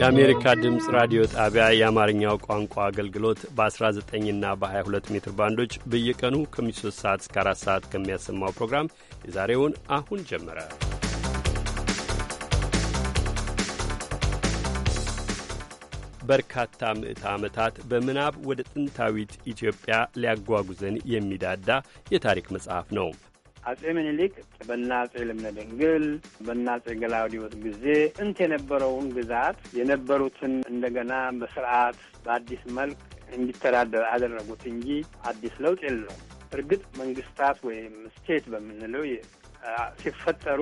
የአሜሪካ ድምፅ ራዲዮ ጣቢያ የአማርኛው ቋንቋ አገልግሎት በ19 እና በ22 ሜትር ባንዶች በየቀኑ ከ3 ሰዓት እስከ 4 ሰዓት ከሚያሰማው ፕሮግራም የዛሬውን አሁን ጀመረ። በርካታ ምዕተ ዓመታት በምናብ ወደ ጥንታዊት ኢትዮጵያ ሊያጓጉዘን የሚዳዳ የታሪክ መጽሐፍ ነው። አጼ ምኒልክ በና አጼ ልብነ ድንግል በና አጼ ገላውዲዮስ ጊዜ ጥንት የነበረውን ግዛት የነበሩትን እንደገና በስርዓት በአዲስ መልክ እንዲተዳደር አደረጉት እንጂ አዲስ ለውጥ የለውም። እርግጥ መንግስታት ወይም ስቴት በምንለው ሲፈጠሩ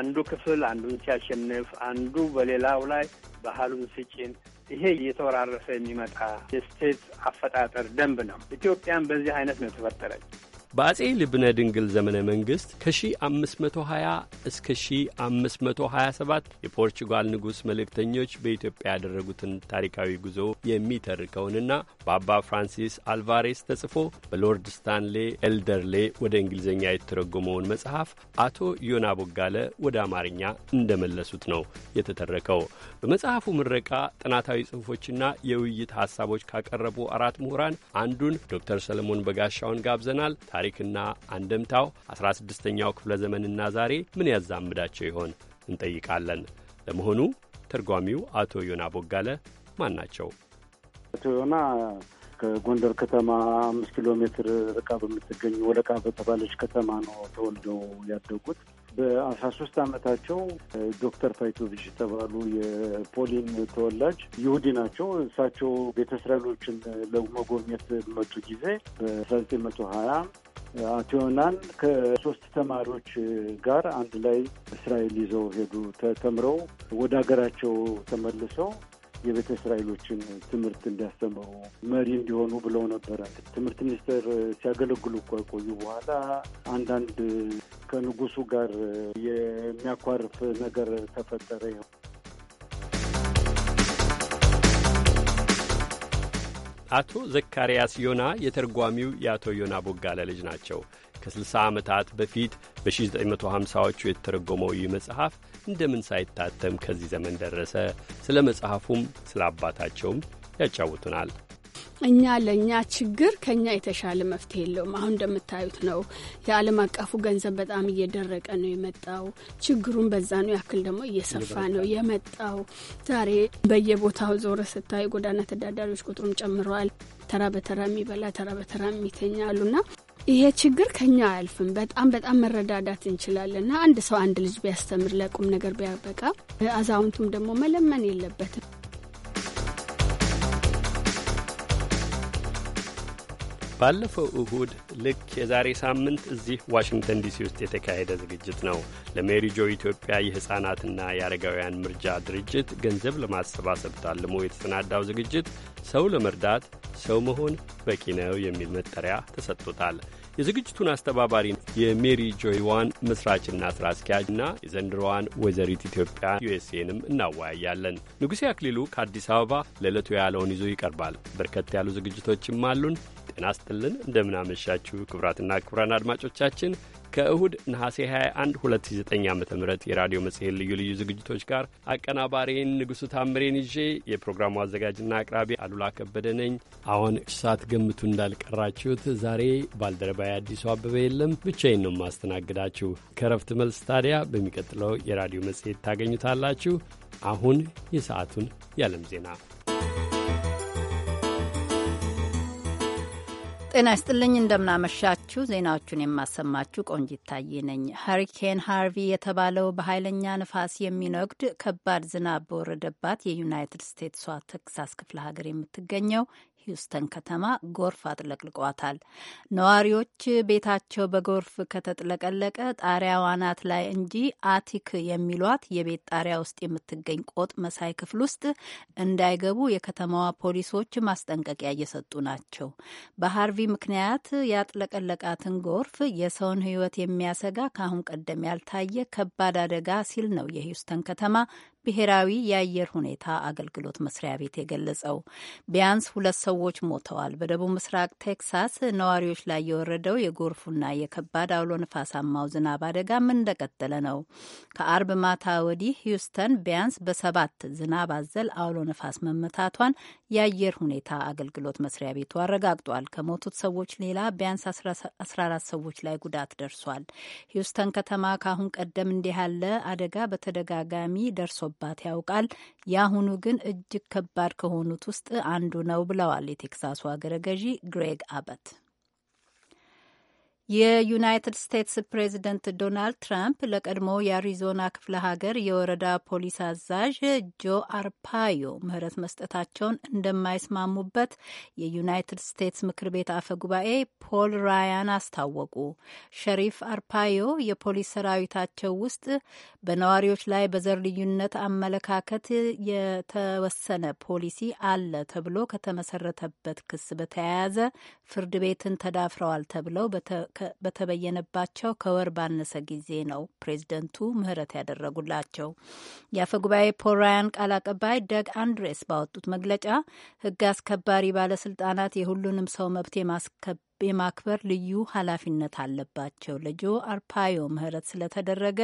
አንዱ ክፍል አንዱን ሲያሸንፍ፣ አንዱ በሌላው ላይ ባህሉን ሲጭን ይሄ እየተወራረሰ የሚመጣ የስቴት አፈጣጠር ደንብ ነው። ኢትዮጵያን በዚህ አይነት ነው የተፈጠረች። በአጼ ልብነ ድንግል ዘመነ መንግሥት ከ1520 እስከ 1527 የፖርቹጋል ንጉሥ መልእክተኞች በኢትዮጵያ ያደረጉትን ታሪካዊ ጉዞ የሚተርከውንና በአባ ፍራንሲስ አልቫሬስ ተጽፎ በሎርድ ስታንሌ ኤልደርሌ ወደ እንግሊዝኛ የተተረጎመውን መጽሐፍ አቶ ዮና ቦጋለ ወደ አማርኛ እንደመለሱት ነው የተተረከው። በመጽሐፉ ምረቃ ጥናታዊ ጽሑፎችና የውይይት ሐሳቦች ካቀረቡ አራት ምሁራን አንዱን ዶክተር ሰለሞን በጋሻውን ጋብዘናል። ታሪክና አንደምታው 16ኛው ክፍለ ዘመንና ዛሬ ምን ያዛምዳቸው ይሆን እንጠይቃለን። ለመሆኑ ተርጓሚው አቶ ዮና ቦጋለ ማን ናቸው? አቶ ዮና ከጎንደር ከተማ አምስት ኪሎ ሜትር ርቃ በምትገኝ ወለቃ በተባለች ከተማ ነው ተወልደው ያደጉት። በአስራ ሶስት አመታቸው ዶክተር ፋይቶቪች የተባሉ የፖሊን ተወላጅ ይሁዲ ናቸው። እሳቸው ቤተ እስራኤሎችን ለመጎብኘት በመጡ ጊዜ በአስራ ዘጠኝ መቶ ሀያ ዮናን ከሶስት ተማሪዎች ጋር አንድ ላይ እስራኤል ይዘው ሄዱ። ተምረው ወደ ሀገራቸው ተመልሰው የቤተ እስራኤሎችን ትምህርት እንዲያስተምሩ መሪ እንዲሆኑ ብለው ነበረ። ትምህርት ሚኒስቴር ሲያገለግሉ እኮ በኋላ አንዳንድ ከንጉሱ ጋር የሚያኳርፍ ነገር ተፈጠረ። አቶ ዘካርያስ ዮና የተርጓሚው የአቶ ዮና ቦጋለ ልጅ ናቸው። ከ60 ዓመታት በፊት በ1950ዎቹ የተተረጎመው ይህ መጽሐፍ እንደምን ሳይታተም ከዚህ ዘመን ደረሰ? ስለ መጽሐፉም ስለ አባታቸውም ያጫውቱናል። እኛ ለእኛ ችግር ከኛ የተሻለ መፍትሄ የለውም። አሁን እንደምታዩት ነው። የዓለም አቀፉ ገንዘብ በጣም እየደረቀ ነው የመጣው። ችግሩን በዛ ነው ያክል ደግሞ እየሰፋ ነው የመጣው። ዛሬ በየቦታው ዞረ ስታዩ ጎዳና ተዳዳሪዎች ቁጥሩም ጨምረዋል። ተራ በተራ የሚበላ ተራ በተራ የሚተኛ ና ይሄ ችግር ከኛ አያልፍም። በጣም በጣም መረዳዳት እንችላለን እና አንድ ሰው አንድ ልጅ ቢያስተምር ለቁም ነገር ቢያበቃ፣ አዛውንቱም ደግሞ መለመን የለበትም ባለፈው እሁድ ልክ የዛሬ ሳምንት እዚህ ዋሽንግተን ዲሲ ውስጥ የተካሄደ ዝግጅት ነው። ለሜሪጆ ኢትዮጵያ የሕፃናትና የአረጋውያን ምርጃ ድርጅት ገንዘብ ለማሰባሰብ ታልሞ የተሰናዳው ዝግጅት ሰው ለመርዳት ሰው መሆን በቂ ነው የሚል መጠሪያ ተሰጥቶታል። የዝግጅቱን አስተባባሪ የሜሪ ጆይዋን መስራችና ስራ አስኪያጅ እና የዘንድሮዋን ወይዘሪት ኢትዮጵያ ዩኤስኤንም እናወያያለን። ንጉሴ አክሊሉ ከአዲስ አበባ ለዕለቱ ያለውን ይዞ ይቀርባል። በርከት ያሉ ዝግጅቶችም አሉን። ጤና ይስጥልን እንደምናመሻችሁ ክቡራትና ክቡራን አድማጮቻችን ከእሁድ ነሐሴ 21 2009 ዓ ም የራዲዮ መጽሔት ልዩ ልዩ ዝግጅቶች ጋር አቀናባሪን ንጉሡ ታምሬን ይዤ የፕሮግራሙ አዘጋጅና አቅራቢ አሉላ ከበደ ነኝ። አሁን ሰዓት ገምቱ እንዳልቀራችሁት ዛሬ ባልደረባ አዲሱ አበበ የለም፣ ብቻዬን ነው ማስተናግዳችሁ። ከረፍት መልስ ታዲያ በሚቀጥለው የራዲዮ መጽሔት ታገኙታላችሁ። አሁን የሰዓቱን የዓለም ዜና ጤና ይስጥልኝ እንደምናመሻችሁ። ዜናዎቹን የማሰማችሁ ቆንጂት ታዬ ነኝ። ሀሪኬን ሃርቪ የተባለው በኃይለኛ ንፋስ የሚነጉድ ከባድ ዝናብ በወረደባት የዩናይትድ ስቴትሷ ቴክሳስ ክፍለ ሀገር የምትገኘው ሂውስተን ከተማ ጎርፍ አጥለቅልቋታል። ነዋሪዎች ቤታቸው በጎርፍ ከተጥለቀለቀ ጣሪያ ዋናት ላይ እንጂ አቲክ የሚሏት የቤት ጣሪያ ውስጥ የምትገኝ ቆጥ መሳይ ክፍል ውስጥ እንዳይገቡ የከተማዋ ፖሊሶች ማስጠንቀቂያ እየሰጡ ናቸው። በሀርቪ ምክንያት ያጥለቀለቃትን ጎርፍ የሰውን ሕይወት የሚያሰጋ ከአሁን ቀደም ያልታየ ከባድ አደጋ ሲል ነው የሂውስተን ከተማ ብሔራዊ የአየር ሁኔታ አገልግሎት መስሪያ ቤት የገለጸው። ቢያንስ ሁለት ሰዎች ሞተዋል። በደቡብ ምስራቅ ቴክሳስ ነዋሪዎች ላይ የወረደው የጎርፉና የከባድ አውሎ ነፋሳማው ዝናብ አደጋም እንደቀጠለ ነው። ከአርብ ማታ ወዲህ ሂውስተን ቢያንስ በሰባት ዝናብ አዘል አውሎ ነፋስ መመታቷን የአየር ሁኔታ አገልግሎት መስሪያ ቤቱ አረጋግጧል። ከሞቱት ሰዎች ሌላ ቢያንስ 14 ሰዎች ላይ ጉዳት ደርሷል። ሂውስተን ከተማ ከአሁን ቀደም እንዲህ ያለ አደጋ በተደጋጋሚ ደርሶ እንዳለባት ያውቃል። የአሁኑ ግን እጅግ ከባድ ከሆኑት ውስጥ አንዱ ነው ብለዋል የቴክሳሱ አገረ ገዢ ግሬግ አበት። የዩናይትድ ስቴትስ ፕሬዚደንት ዶናልድ ትራምፕ ለቀድሞ የአሪዞና ክፍለ ሀገር የወረዳ ፖሊስ አዛዥ ጆ አርፓዮ ምህረት መስጠታቸውን እንደማይስማሙበት የዩናይትድ ስቴትስ ምክር ቤት አፈ ጉባኤ ፖል ራያን አስታወቁ። ሸሪፍ አርፓዮ የፖሊስ ሰራዊታቸው ውስጥ በነዋሪዎች ላይ በዘር ልዩነት አመለካከት የተወሰነ ፖሊሲ አለ ተብሎ ከተመሰረተበት ክስ በተያያዘ ፍርድ ቤትን ተዳፍረዋል ተብለው በተበየነባቸው ከወር ባነሰ ጊዜ ነው ፕሬዝደንቱ ምህረት ያደረጉላቸው። የአፈ ጉባኤ ፖል ራያን ቃል አቀባይ ደግ አንድሬስ ባወጡት መግለጫ ህግ አስከባሪ ባለስልጣናት የሁሉንም ሰው መብት የማስከበ የማክበር ልዩ ኃላፊነት አለባቸው። ለጆ አርፓዮ ምህረት ስለተደረገ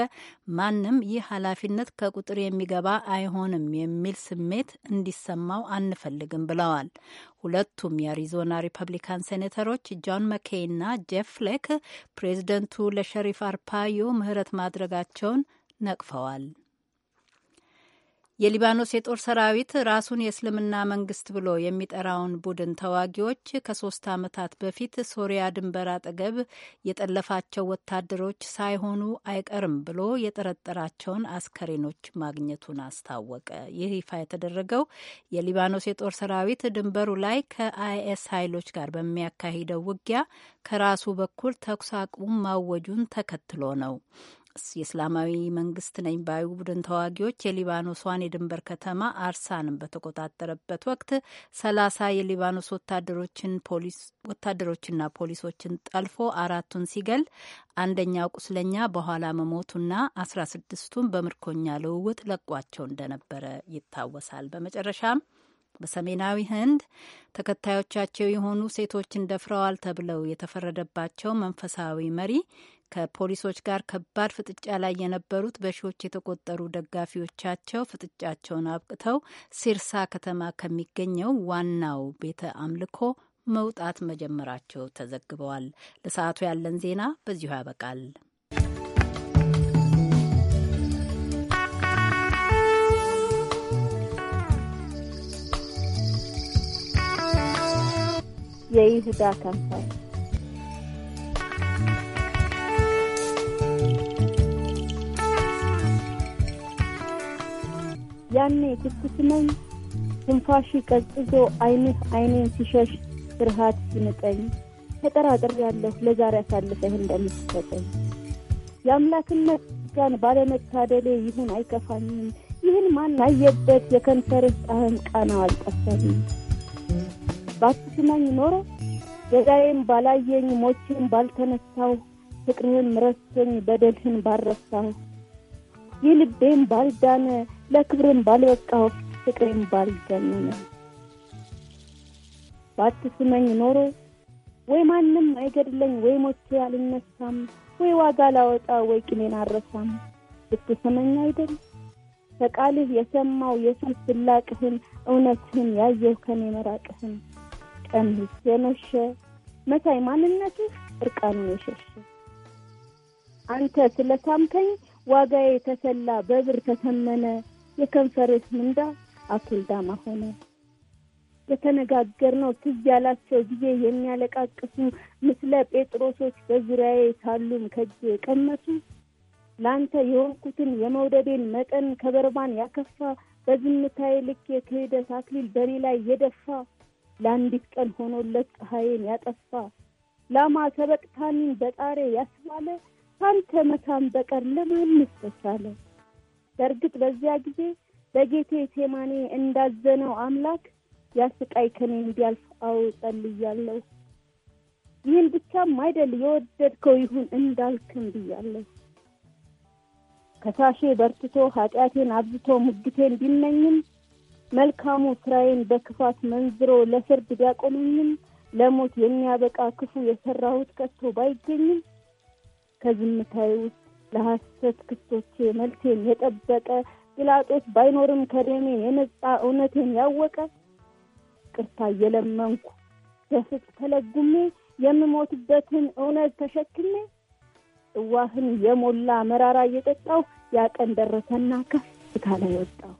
ማንም ይህ ኃላፊነት ከቁጥር የሚገባ አይሆንም የሚል ስሜት እንዲሰማው አንፈልግም ብለዋል። ሁለቱም የአሪዞና ሪፐብሊካን ሴኔተሮች ጆን መኬይና ጄፍ ፍሌክ ፕሬዚደንቱ ለሸሪፍ አርፓዮ ምህረት ማድረጋቸውን ነቅፈዋል። የሊባኖስ የጦር ሰራዊት ራሱን የእስልምና መንግስት ብሎ የሚጠራውን ቡድን ተዋጊዎች ከሶስት ዓመታት በፊት ሶሪያ ድንበር አጠገብ የጠለፋቸው ወታደሮች ሳይሆኑ አይቀርም ብሎ የጠረጠራቸውን አስከሬኖች ማግኘቱን አስታወቀ። ይህ ይፋ የተደረገው የሊባኖስ የጦር ሰራዊት ድንበሩ ላይ ከአይኤስ ኃይሎች ጋር በሚያካሂደው ውጊያ ከራሱ በኩል ተኩስ አቁም ማወጁን ተከትሎ ነው። የእስላማዊ መንግስት ነኝ ባዩ ቡድን ተዋጊዎች የሊባኖሷን የድንበር ከተማ አርሳንም በተቆጣጠረበት ወቅት ሰላሳ የሊባኖስ ወታደሮችን ፖሊስ ወታደሮችና ፖሊሶችን ጠልፎ አራቱን ሲገል አንደኛው ቁስለኛ በኋላ መሞቱና አስራ ስድስቱን በምርኮኛ ልውውጥ ለቋቸው እንደነበረ ይታወሳል። በመጨረሻም በሰሜናዊ ህንድ ተከታዮቻቸው የሆኑ ሴቶችን ደፍረዋል ተብለው የተፈረደባቸው መንፈሳዊ መሪ ከፖሊሶች ጋር ከባድ ፍጥጫ ላይ የነበሩት በሺዎች የተቆጠሩ ደጋፊዎቻቸው ፍጥጫቸውን አብቅተው ሲርሳ ከተማ ከሚገኘው ዋናው ቤተ አምልኮ መውጣት መጀመራቸው ተዘግበዋል። ለሰዓቱ ያለን ዜና በዚሁ ያበቃል። የይሁዳ ከንፈር ያኔ ነኝ ትንፋሽ ቀዝቅዞ አይንህ አይኔን ሲሸሽ ፍርሃት ሲንጠኝ ያለሁ ለዛሬ አሳልፈህ እንደምትሰጠኝ የአምላክነት ጋን ባለመታደሌ ይሁን አይከፋኝም። ይህን ማን አየበት የከንፈርህ ጣህም ቃና አልጠፈኝም። ባትስመኝ ኖሮ ገዳዬም ባላየኝ ሞቼም ባልተነሳው ፍቅርህን ምረሰኝ በደልህን ባልረሳሁ ይህ ልቤም ባልዳነ ለክብሬም ባልበቃሁ ፍቅሬም ባልገኝ ባትስመኝ ኖሮ ወይ ማንም አይገድለኝ ወይ ሞቼ አልነሳም ወይ ዋጋ ላወጣ ወይ ቅኔን አረሳም። ብትስመኝ አይደል ከቃልህ የሰማው የሰው ስላቅህን እውነትህን ያየው ከኔ መራቅህን ቀሚስ የመሸ መሳይ ማንነትህ እርቃኑ የሸሸ አንተ ስለሳምከኝ ዋጋዬ ተሰላ በብር ተተመነ የከንፈርህ ምንዳ አኩልዳማ ሆነ። የተነጋገርነው ትዝ ያላቸው ጊዜ የሚያለቃቅሱ ምስለ ጴጥሮሶች በዙሪያዬ ሳሉም ከእጅ የቀመሱ ለአንተ የሆንኩትን የመውደዴን መጠን ከበርባን ያከፋ በዝምታዬ ልክ የክህደት አክሊል በእኔ ላይ የደፋ ለአንዲት ቀን ሆኖለት ፀሐይን ያጠፋ ላማ ሰበቅታኒን በጣሬ ያስባለ ካንተ መሳም በቀር ለማንስ ተቻለ? በእርግጥ በዚያ ጊዜ በጌቴ ቴማኔ እንዳዘነው አምላክ ያስቃይ ከኔ እንዲያልፍ አዎ ጸልያለሁ። ይህን ብቻም አይደል የወደድከው ይሁን እንዳልክም ብያለሁ። ከሳሼ በርትቶ ኃጢአቴን አብዝቶ ሙግቴን ቢመኝም መልካሙ ስራዬን በክፋት መንዝሮ ለፍርድ ቢያቆመኝም ለሞት የሚያበቃ ክፉ የሰራሁት ከቶ ባይገኝም ከዝምታዬ ውስጥ ለሐሰት ክሶቼ መልሴን የጠበቀ ጲላጦስ ባይኖርም ከደሜ የነጻ እውነቴን ያወቀ ቅርታ እየለመንኩ በፍቅር ተለጉሜ የምሞትበትን እውነት ተሸክሜ እዋህን የሞላ መራራ እየጠጣው ያቀን ደረሰና ከፍታ ላይ ወጣው።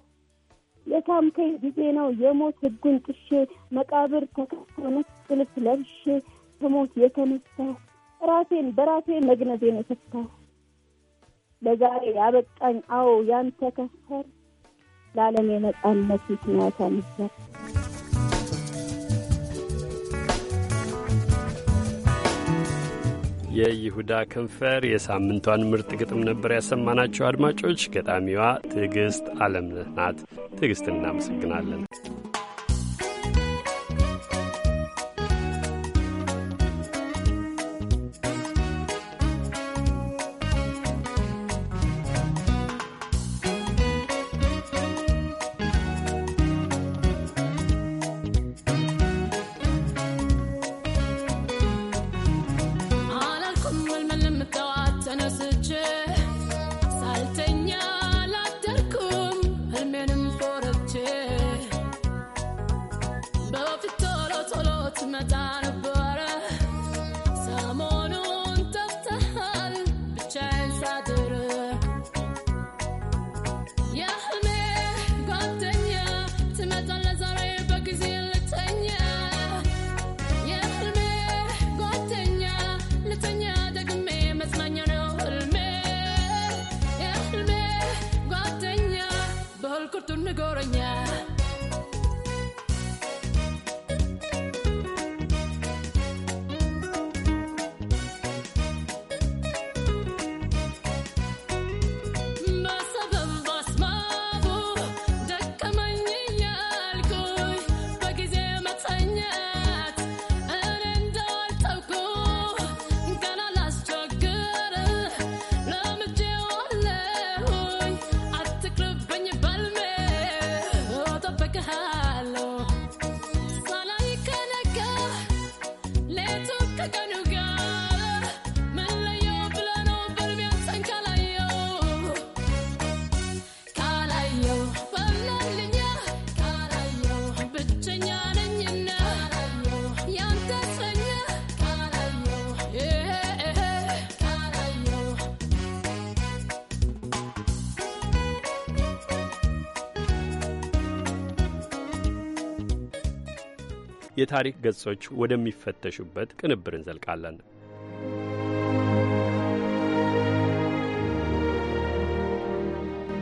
የታምከኝ ጊዜ ነው የሞት ሕጉን ጥሼ መቃብር ተከፍቶ ነጭ ልብስ ለብሼ ከሞት የተነሳሁ ራሴን በራሴ መግነዜን የተፋሁ ለዛሬ ያበቃኝ አዎ ያንተ ከንፈር ለዓለም የነጻነት ምክንያት ነበር። የይሁዳ ከንፈር የሳምንቷን ምርጥ ግጥም ነበር ያሰማናቸው። አድማጮች፣ ገጣሚዋ ትዕግስት አለምነህ ናት። ትዕግስት እናመሰግናለን። የታሪክ ገጾች ወደሚፈተሹበት ቅንብር እንዘልቃለን።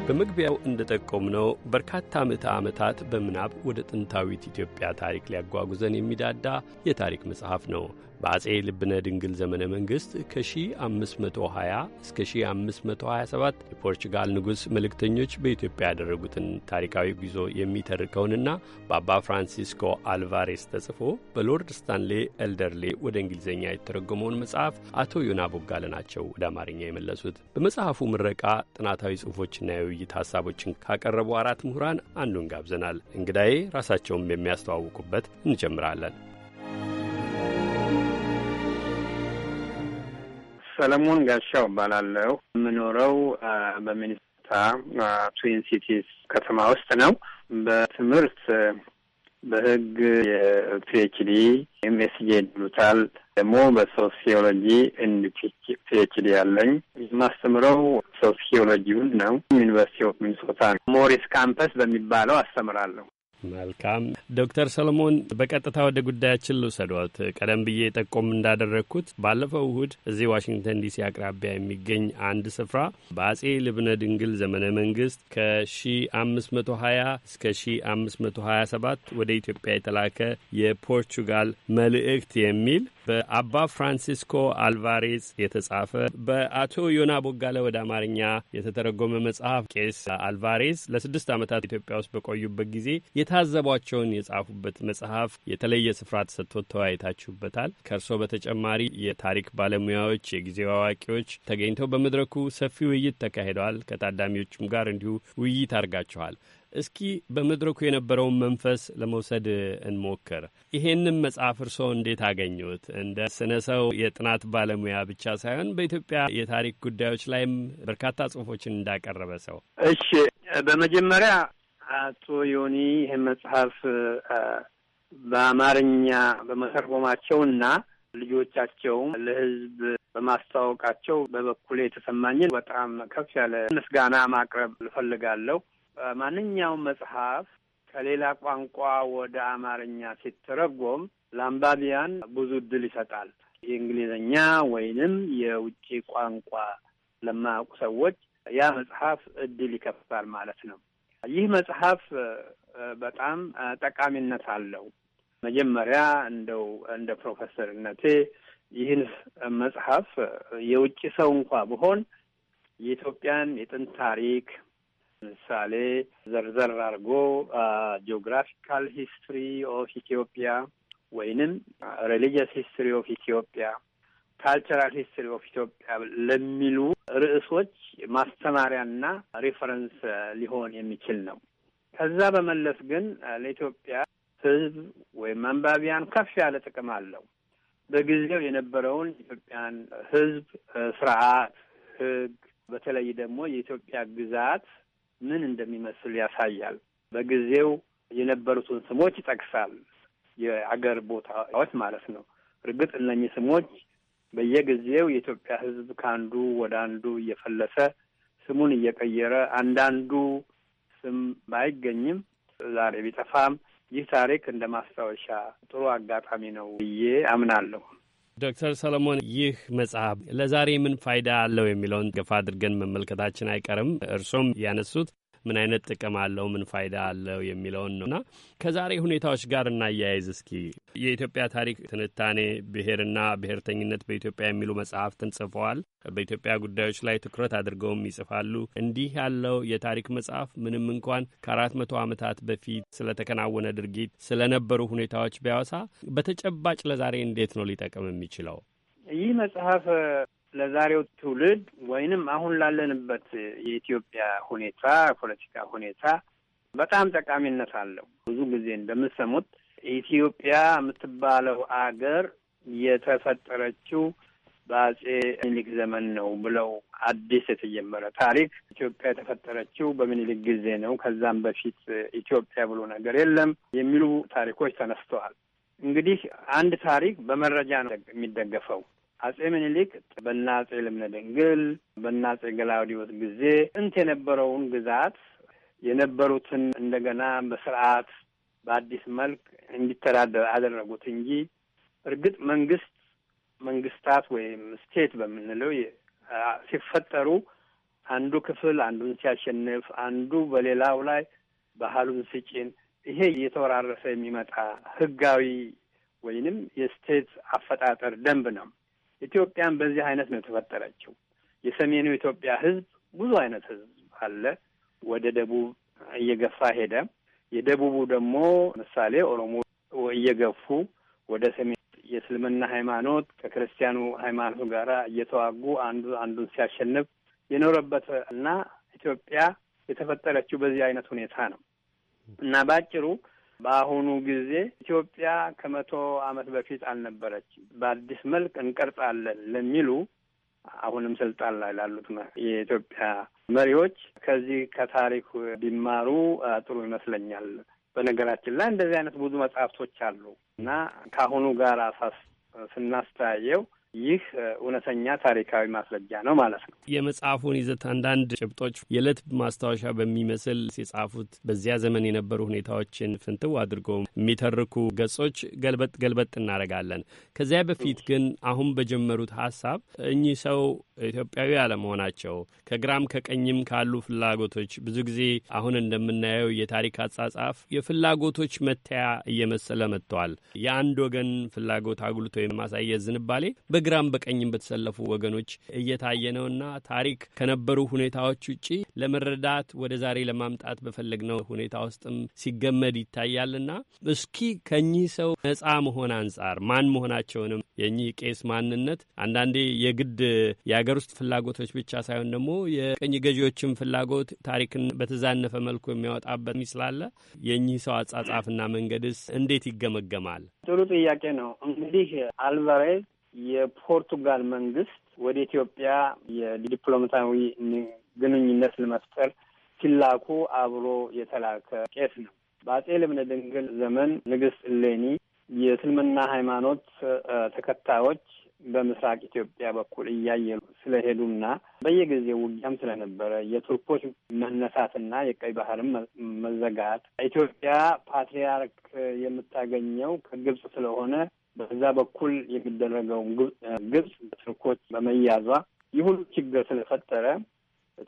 በመግቢያው እንደጠቆምነው በርካታ ምዕተ ዓመታት በምናብ ወደ ጥንታዊት ኢትዮጵያ ታሪክ ሊያጓጉዘን የሚዳዳ የታሪክ መጽሐፍ ነው። በአጼ ልብነ ድንግል ዘመነ መንግሥት ከ1520 እስከ 1527 የፖርቹጋል ንጉሥ መልእክተኞች በኢትዮጵያ ያደረጉትን ታሪካዊ ጉዞ የሚተርከውንና በአባ ፍራንሲስኮ አልቫሬስ ተጽፎ በሎርድ ስታንሌ ኤልደርሌ ወደ እንግሊዝኛ የተረጎመውን መጽሐፍ አቶ ዮና ቦጋለ ናቸው ወደ አማርኛ የመለሱት። በመጽሐፉ ምረቃ ጥናታዊ ጽሑፎችና የውይይት ሀሳቦችን ካቀረቡ አራት ምሁራን አንዱን ጋብዘናል። እንግዳዬ ራሳቸውም የሚያስተዋውቁበት እንጀምራለን። ሰለሞን ጋሻው እባላለሁ። የምኖረው በሚኒሶታ ትዊን ሲቲስ ከተማ ውስጥ ነው። በትምህርት በህግ የፒኤችዲ ኤምኤስጄ ይሉታል ደግሞ በሶሲዮሎጂ እንድ ፒኤችዲ ያለኝ የማስተምረው ሶሲዮሎጂውን ነው። ዩኒቨርሲቲ ኦፍ ሚኒሶታ ሞሪስ ካምፐስ በሚባለው አስተምራለሁ። መልካም ዶክተር ሰለሞን በቀጥታ ወደ ጉዳያችን ልውሰዷት። ቀደም ብዬ ጠቆም እንዳደረግኩት ባለፈው እሁድ እዚህ ዋሽንግተን ዲሲ አቅራቢያ የሚገኝ አንድ ስፍራ በአጼ ልብነ ድንግል ዘመነ መንግስት ከ1520 እስከ 1527 ወደ ኢትዮጵያ የተላከ የፖርቹጋል መልእክት የሚል በአባ ፍራንሲስኮ አልቫሬዝ የተጻፈ በአቶ ዮና ቦጋለ ወደ አማርኛ የተተረጎመ መጽሐፍ ቄስ አልቫሬዝ ለስድስት ዓመታት ኢትዮጵያ ውስጥ በቆዩበት ጊዜ የታዘቧቸውን የጻፉበት መጽሐፍ የተለየ ስፍራ ተሰጥቶ ተወያይታችሁበታል። ከእርሶ በተጨማሪ የታሪክ ባለሙያዎች፣ የጊዜው አዋቂዎች ተገኝተው በመድረኩ ሰፊ ውይይት ተካሂደዋል። ከታዳሚዎችም ጋር እንዲሁ ውይይት አድርጋችኋል። እስኪ በመድረኩ የነበረውን መንፈስ ለመውሰድ እንሞክር። ይሄንን መጽሐፍ እርስዎ እንዴት አገኙት? እንደ ስነ ሰው የጥናት ባለሙያ ብቻ ሳይሆን በኢትዮጵያ የታሪክ ጉዳዮች ላይም በርካታ ጽሁፎችን እንዳቀረበ ሰው። እሺ፣ በመጀመሪያ አቶ ዮኒ ይህን መጽሐፍ በአማርኛ እና ልጆቻቸውም ለሕዝብ በማስተዋወቃቸው በበኩል የተሰማኝን በጣም ከፍ ያለ ምስጋና ማቅረብ እፈልጋለሁ። ማንኛውም መጽሐፍ ከሌላ ቋንቋ ወደ አማርኛ ሲተረጎም ለአንባቢያን ብዙ እድል ይሰጣል። የእንግሊዝኛ ወይንም የውጭ ቋንቋ ለማያውቁ ሰዎች ያ መጽሐፍ እድል ይከፍታል ማለት ነው። ይህ መጽሐፍ በጣም ጠቃሚነት አለው። መጀመሪያ እንደው እንደ ፕሮፌሰርነቴ ይህን መጽሐፍ የውጭ ሰው እንኳ ብሆን የኢትዮጵያን የጥንት ታሪክ ምሳሌ ዘርዘር አድርጎ ጂኦግራፊካል ሂስትሪ ኦፍ ኢትዮጵያ ወይንም ሬሊጂየስ ሂስትሪ ኦፍ ኢትዮጵያ ካልቸራል ሂስትሪ ኦፍ ኢትዮጵያ ለሚሉ ርዕሶች ማስተማሪያና ሪፈረንስ ሊሆን የሚችል ነው። ከዛ በመለስ ግን ለኢትዮጵያ ሕዝብ ወይም አንባቢያን ከፍ ያለ ጥቅም አለው። በጊዜው የነበረውን ኢትዮጵያን ሕዝብ ስርዓት፣ ሕግ፣ በተለይ ደግሞ የኢትዮጵያ ግዛት ምን እንደሚመስል ያሳያል። በጊዜው የነበሩትን ስሞች ይጠቅሳል። የአገር ቦታዎች ማለት ነው። እርግጥ እነኚህ ስሞች በየጊዜው የኢትዮጵያ ሕዝብ ከአንዱ ወደ አንዱ እየፈለሰ ስሙን እየቀየረ አንዳንዱ ስም ባይገኝም ዛሬ ቢጠፋም ይህ ታሪክ እንደ ማስታወሻ ጥሩ አጋጣሚ ነው ብዬ አምናለሁ። ዶክተር ሰለሞን ይህ መጽሐፍ ለዛሬ ምን ፋይዳ አለው የሚለውን ገፋ አድርገን መመልከታችን አይቀርም። እርሶም ያነሱት ምን አይነት ጥቅም አለው፣ ምን ፋይዳ አለው የሚለውን ነው እና ከዛሬ ሁኔታዎች ጋር እናያይዝ እስኪ። የኢትዮጵያ ታሪክ ትንታኔ ብሔርና ብሔርተኝነት በኢትዮጵያ የሚሉ መጽሐፍትን ጽፈዋል። በኢትዮጵያ ጉዳዮች ላይ ትኩረት አድርገውም ይጽፋሉ። እንዲህ ያለው የታሪክ መጽሐፍ ምንም እንኳን ከአራት መቶ ዓመታት በፊት ስለተከናወነ ድርጊት ስለነበሩ ሁኔታዎች ቢያወሳ በተጨባጭ ለዛሬ እንዴት ነው ሊጠቅም የሚችለው? ይህ መጽሐፍ ለዛሬው ትውልድ ወይንም አሁን ላለንበት የኢትዮጵያ ሁኔታ ፖለቲካ ሁኔታ በጣም ጠቃሚነት አለው። ብዙ ጊዜ እንደምሰሙት ኢትዮጵያ የምትባለው አገር የተፈጠረችው በአጼ ሚኒሊክ ዘመን ነው ብለው አዲስ የተጀመረ ታሪክ ኢትዮጵያ የተፈጠረችው በሚኒሊክ ጊዜ ነው፣ ከዛም በፊት ኢትዮጵያ ብሎ ነገር የለም የሚሉ ታሪኮች ተነስተዋል። እንግዲህ አንድ ታሪክ በመረጃ ነው የሚደገፈው። አጼ ምኒልክ በና አጼ ልብነ ድንግል በእነ አጼ ገላውዲዮስ ጊዜ ጥንት የነበረውን ግዛት የነበሩትን እንደገና በስርዓት በአዲስ መልክ እንዲተዳደር አደረጉት እንጂ እርግጥ መንግስት መንግስታት ወይም ስቴት በምንለው ሲፈጠሩ አንዱ ክፍል አንዱን ሲያሸንፍ፣ አንዱ በሌላው ላይ ባህሉን ሲጭን፣ ይሄ እየተወራረሰ የሚመጣ ህጋዊ ወይንም የስቴት አፈጣጠር ደንብ ነው። ኢትዮጵያን በዚህ አይነት ነው የተፈጠረችው። የሰሜኑ ኢትዮጵያ ህዝብ ብዙ አይነት ህዝብ አለ። ወደ ደቡብ እየገፋ ሄደ። የደቡቡ ደግሞ ምሳሌ ኦሮሞ እየገፉ ወደ ሰሜን የእስልምና ሃይማኖት ከክርስቲያኑ ሃይማኖት ጋር እየተዋጉ አንዱ አንዱን ሲያሸንፍ የኖረበት እና ኢትዮጵያ የተፈጠረችው በዚህ አይነት ሁኔታ ነው እና በአጭሩ በአሁኑ ጊዜ ኢትዮጵያ ከመቶ ዓመት በፊት አልነበረችም፣ በአዲስ መልክ እንቀርጻለን ለሚሉ አሁንም ስልጣን ላይ ላሉት የኢትዮጵያ መሪዎች ከዚህ ከታሪክ ቢማሩ ጥሩ ይመስለኛል። በነገራችን ላይ እንደዚህ አይነት ብዙ መጽሐፍቶች አሉ እና ከአሁኑ ጋር ሳስ ስናስተያየው ይህ እውነተኛ ታሪካዊ ማስረጃ ነው ማለት ነው። የመጽሐፉን ይዘት አንዳንድ ጭብጦች የዕለት ማስታወሻ በሚመስል የጻፉት በዚያ ዘመን የነበሩ ሁኔታዎችን ፍንትው አድርጎ የሚተርኩ ገጾች ገልበጥ ገልበጥ እናደርጋለን። ከዚያ በፊት ግን አሁን በጀመሩት ሀሳብ እኚህ ሰው ኢትዮጵያዊ አለመሆናቸው ከግራም ከቀኝም ካሉ ፍላጎቶች ብዙ ጊዜ አሁን እንደምናየው የታሪክ አጻጻፍ የፍላጎቶች መታያ እየመሰለ መጥተዋል። የአንድ ወገን ፍላጎት አጉልቶ የማሳየት ዝንባሌ በግራም በቀኝም በተሰለፉ ወገኖች እየታየ ነውና ታሪክ ከነበሩ ሁኔታዎች ውጪ ለመረዳት ወደ ዛሬ ለማምጣት በፈለግነው ሁኔታ ውስጥም ሲገመድ ይታያልና እስኪ ከኚህ ሰው ነፃ መሆን አንጻር ማን መሆናቸውንም የኚህ ቄስ ማንነት አንዳንዴ የግድ የአገር ውስጥ ፍላጎቶች ብቻ ሳይሆን ደግሞ የቀኝ ገዢዎችን ፍላጎት ታሪክን በተዛነፈ መልኩ የሚያወጣበት ስላለ የእኚህ ሰው አጻጻፍና መንገድስ እንዴት ይገመገማል? ጥሩ ጥያቄ ነው። እንግዲህ አልቫሬዝ የፖርቱጋል መንግስት ወደ ኢትዮጵያ የዲፕሎማታዊ ግንኙነት ለመፍጠር ሲላኩ አብሮ የተላከ ቄስ ነው። በአጼ ልብነ ድንግል ዘመን ንግስት እሌኒ የእስልምና ሃይማኖት ተከታዮች በምስራቅ ኢትዮጵያ በኩል እያየሉ ስለሄዱና በየጊዜው ውጊያም ስለነበረ የቱርኮች መነሳትና የቀይ ባህርም መዘጋት ኢትዮጵያ ፓትሪያርክ የምታገኘው ከግብጽ ስለሆነ በዛ በኩል የሚደረገው ግብጽ በቱርኮች በመያዟ ይህ ሁሉ ችግር ስለፈጠረ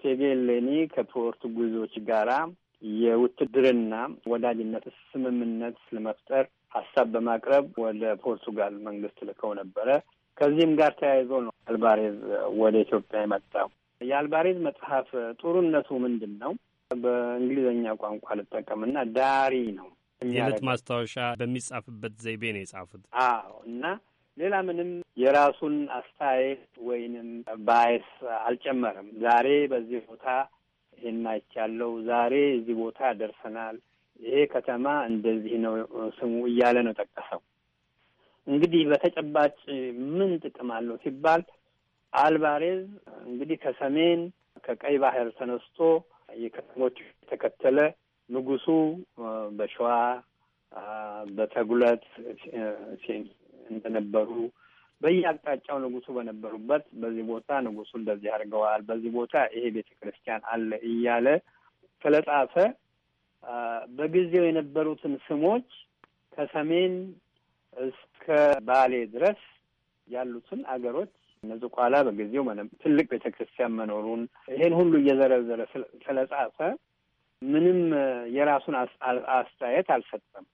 ቴጌሌኒ እሌኒ ከፖርቱጉዞች ጋራ የውትድርና ወዳጅነት ስምምነት ለመፍጠር ሀሳብ በማቅረብ ወደ ፖርቱጋል መንግስት ልከው ነበረ። ከዚህም ጋር ተያይዞ ነው አልባሬዝ ወደ ኢትዮጵያ የመጣው። የአልባሬዝ መጽሐፍ ጥሩነቱ ምንድን ነው? በእንግሊዝኛ ቋንቋ ልጠቀምና ዳሪ ነው የዕለት ማስታወሻ በሚጻፍበት ዘይቤ ነው የጻፉት። አዎ እና ሌላ ምንም የራሱን አስተያየት ወይንም ባይስ አልጨመረም። ዛሬ በዚህ ቦታ ይሄን አይቻለሁ፣ ዛሬ እዚህ ቦታ ደርሰናል፣ ይሄ ከተማ እንደዚህ ነው ስሙ እያለ ነው ጠቀሰው። እንግዲህ በተጨባጭ ምን ጥቅም አለው ሲባል አልባሬዝ እንግዲህ ከሰሜን ከቀይ ባህር ተነስቶ የከተሞች የተከተለ ንጉሱ በሸዋ በተጉለት እንደነበሩ በየአቅጣጫው ንጉሱ በነበሩበት በዚህ ቦታ ንጉሱ እንደዚህ አድርገዋል፣ በዚህ ቦታ ይሄ ቤተ ክርስቲያን አለ እያለ ስለጻፈ በጊዜው የነበሩትን ስሞች ከሰሜን እስከ ባሌ ድረስ ያሉትን አገሮች ነዝቋላ በጊዜው ትልቅ ቤተ ክርስቲያን መኖሩን ይሄን ሁሉ እየዘረዘረ ስለጻፈ ምንም የራሱን አስተያየት አልሰጠም።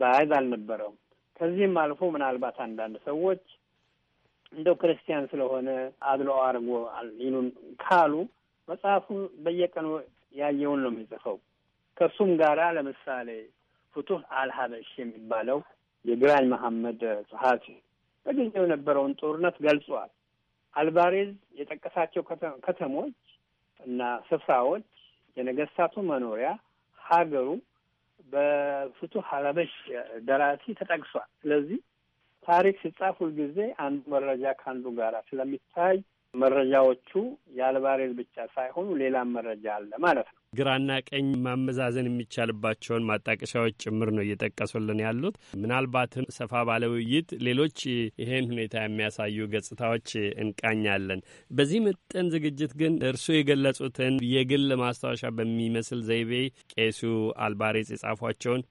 በአይዝ አልነበረውም። ከዚህም አልፎ ምናልባት አንዳንድ ሰዎች እንደው ክርስቲያን ስለሆነ አድሎ አድርጎ ይሉን ካሉ መጽሐፉ በየቀኑ ያየውን ነው የሚጽፈው። ከእሱም ጋራ ለምሳሌ ፍቱህ አልሀበሽ የሚባለው የግራኝ መሐመድ ጸሐፊ በጊዜው የነበረውን ጦርነት ገልጿል። አልባሬዝ የጠቀሳቸው ከተሞች እና ስፍራዎች የነገስታቱ መኖሪያ ሀገሩ በፍቱህ ሀረበሽ ደራሲ ተጠቅሷል። ስለዚህ ታሪክ ሲጻፍ ሁልጊዜ አንዱ መረጃ ከአንዱ ጋር ስለሚታይ መረጃዎቹ የአልባሬል ብቻ ሳይሆኑ ሌላም መረጃ አለ ማለት ነው። ግራና ቀኝ ማመዛዘን የሚቻልባቸውን ማጣቀሻዎች ጭምር ነው እየጠቀሱልን ያሉት። ምናልባትም ሰፋ ባለ ውይይት ሌሎች ይሄን ሁኔታ የሚያሳዩ ገጽታዎች እንቃኛለን። በዚህ ምጥን ዝግጅት ግን እርስዎ የገለጹትን የግል ማስታወሻ በሚመስል ዘይቤ ቄሱ አልባሬጽ የጻፏቸውን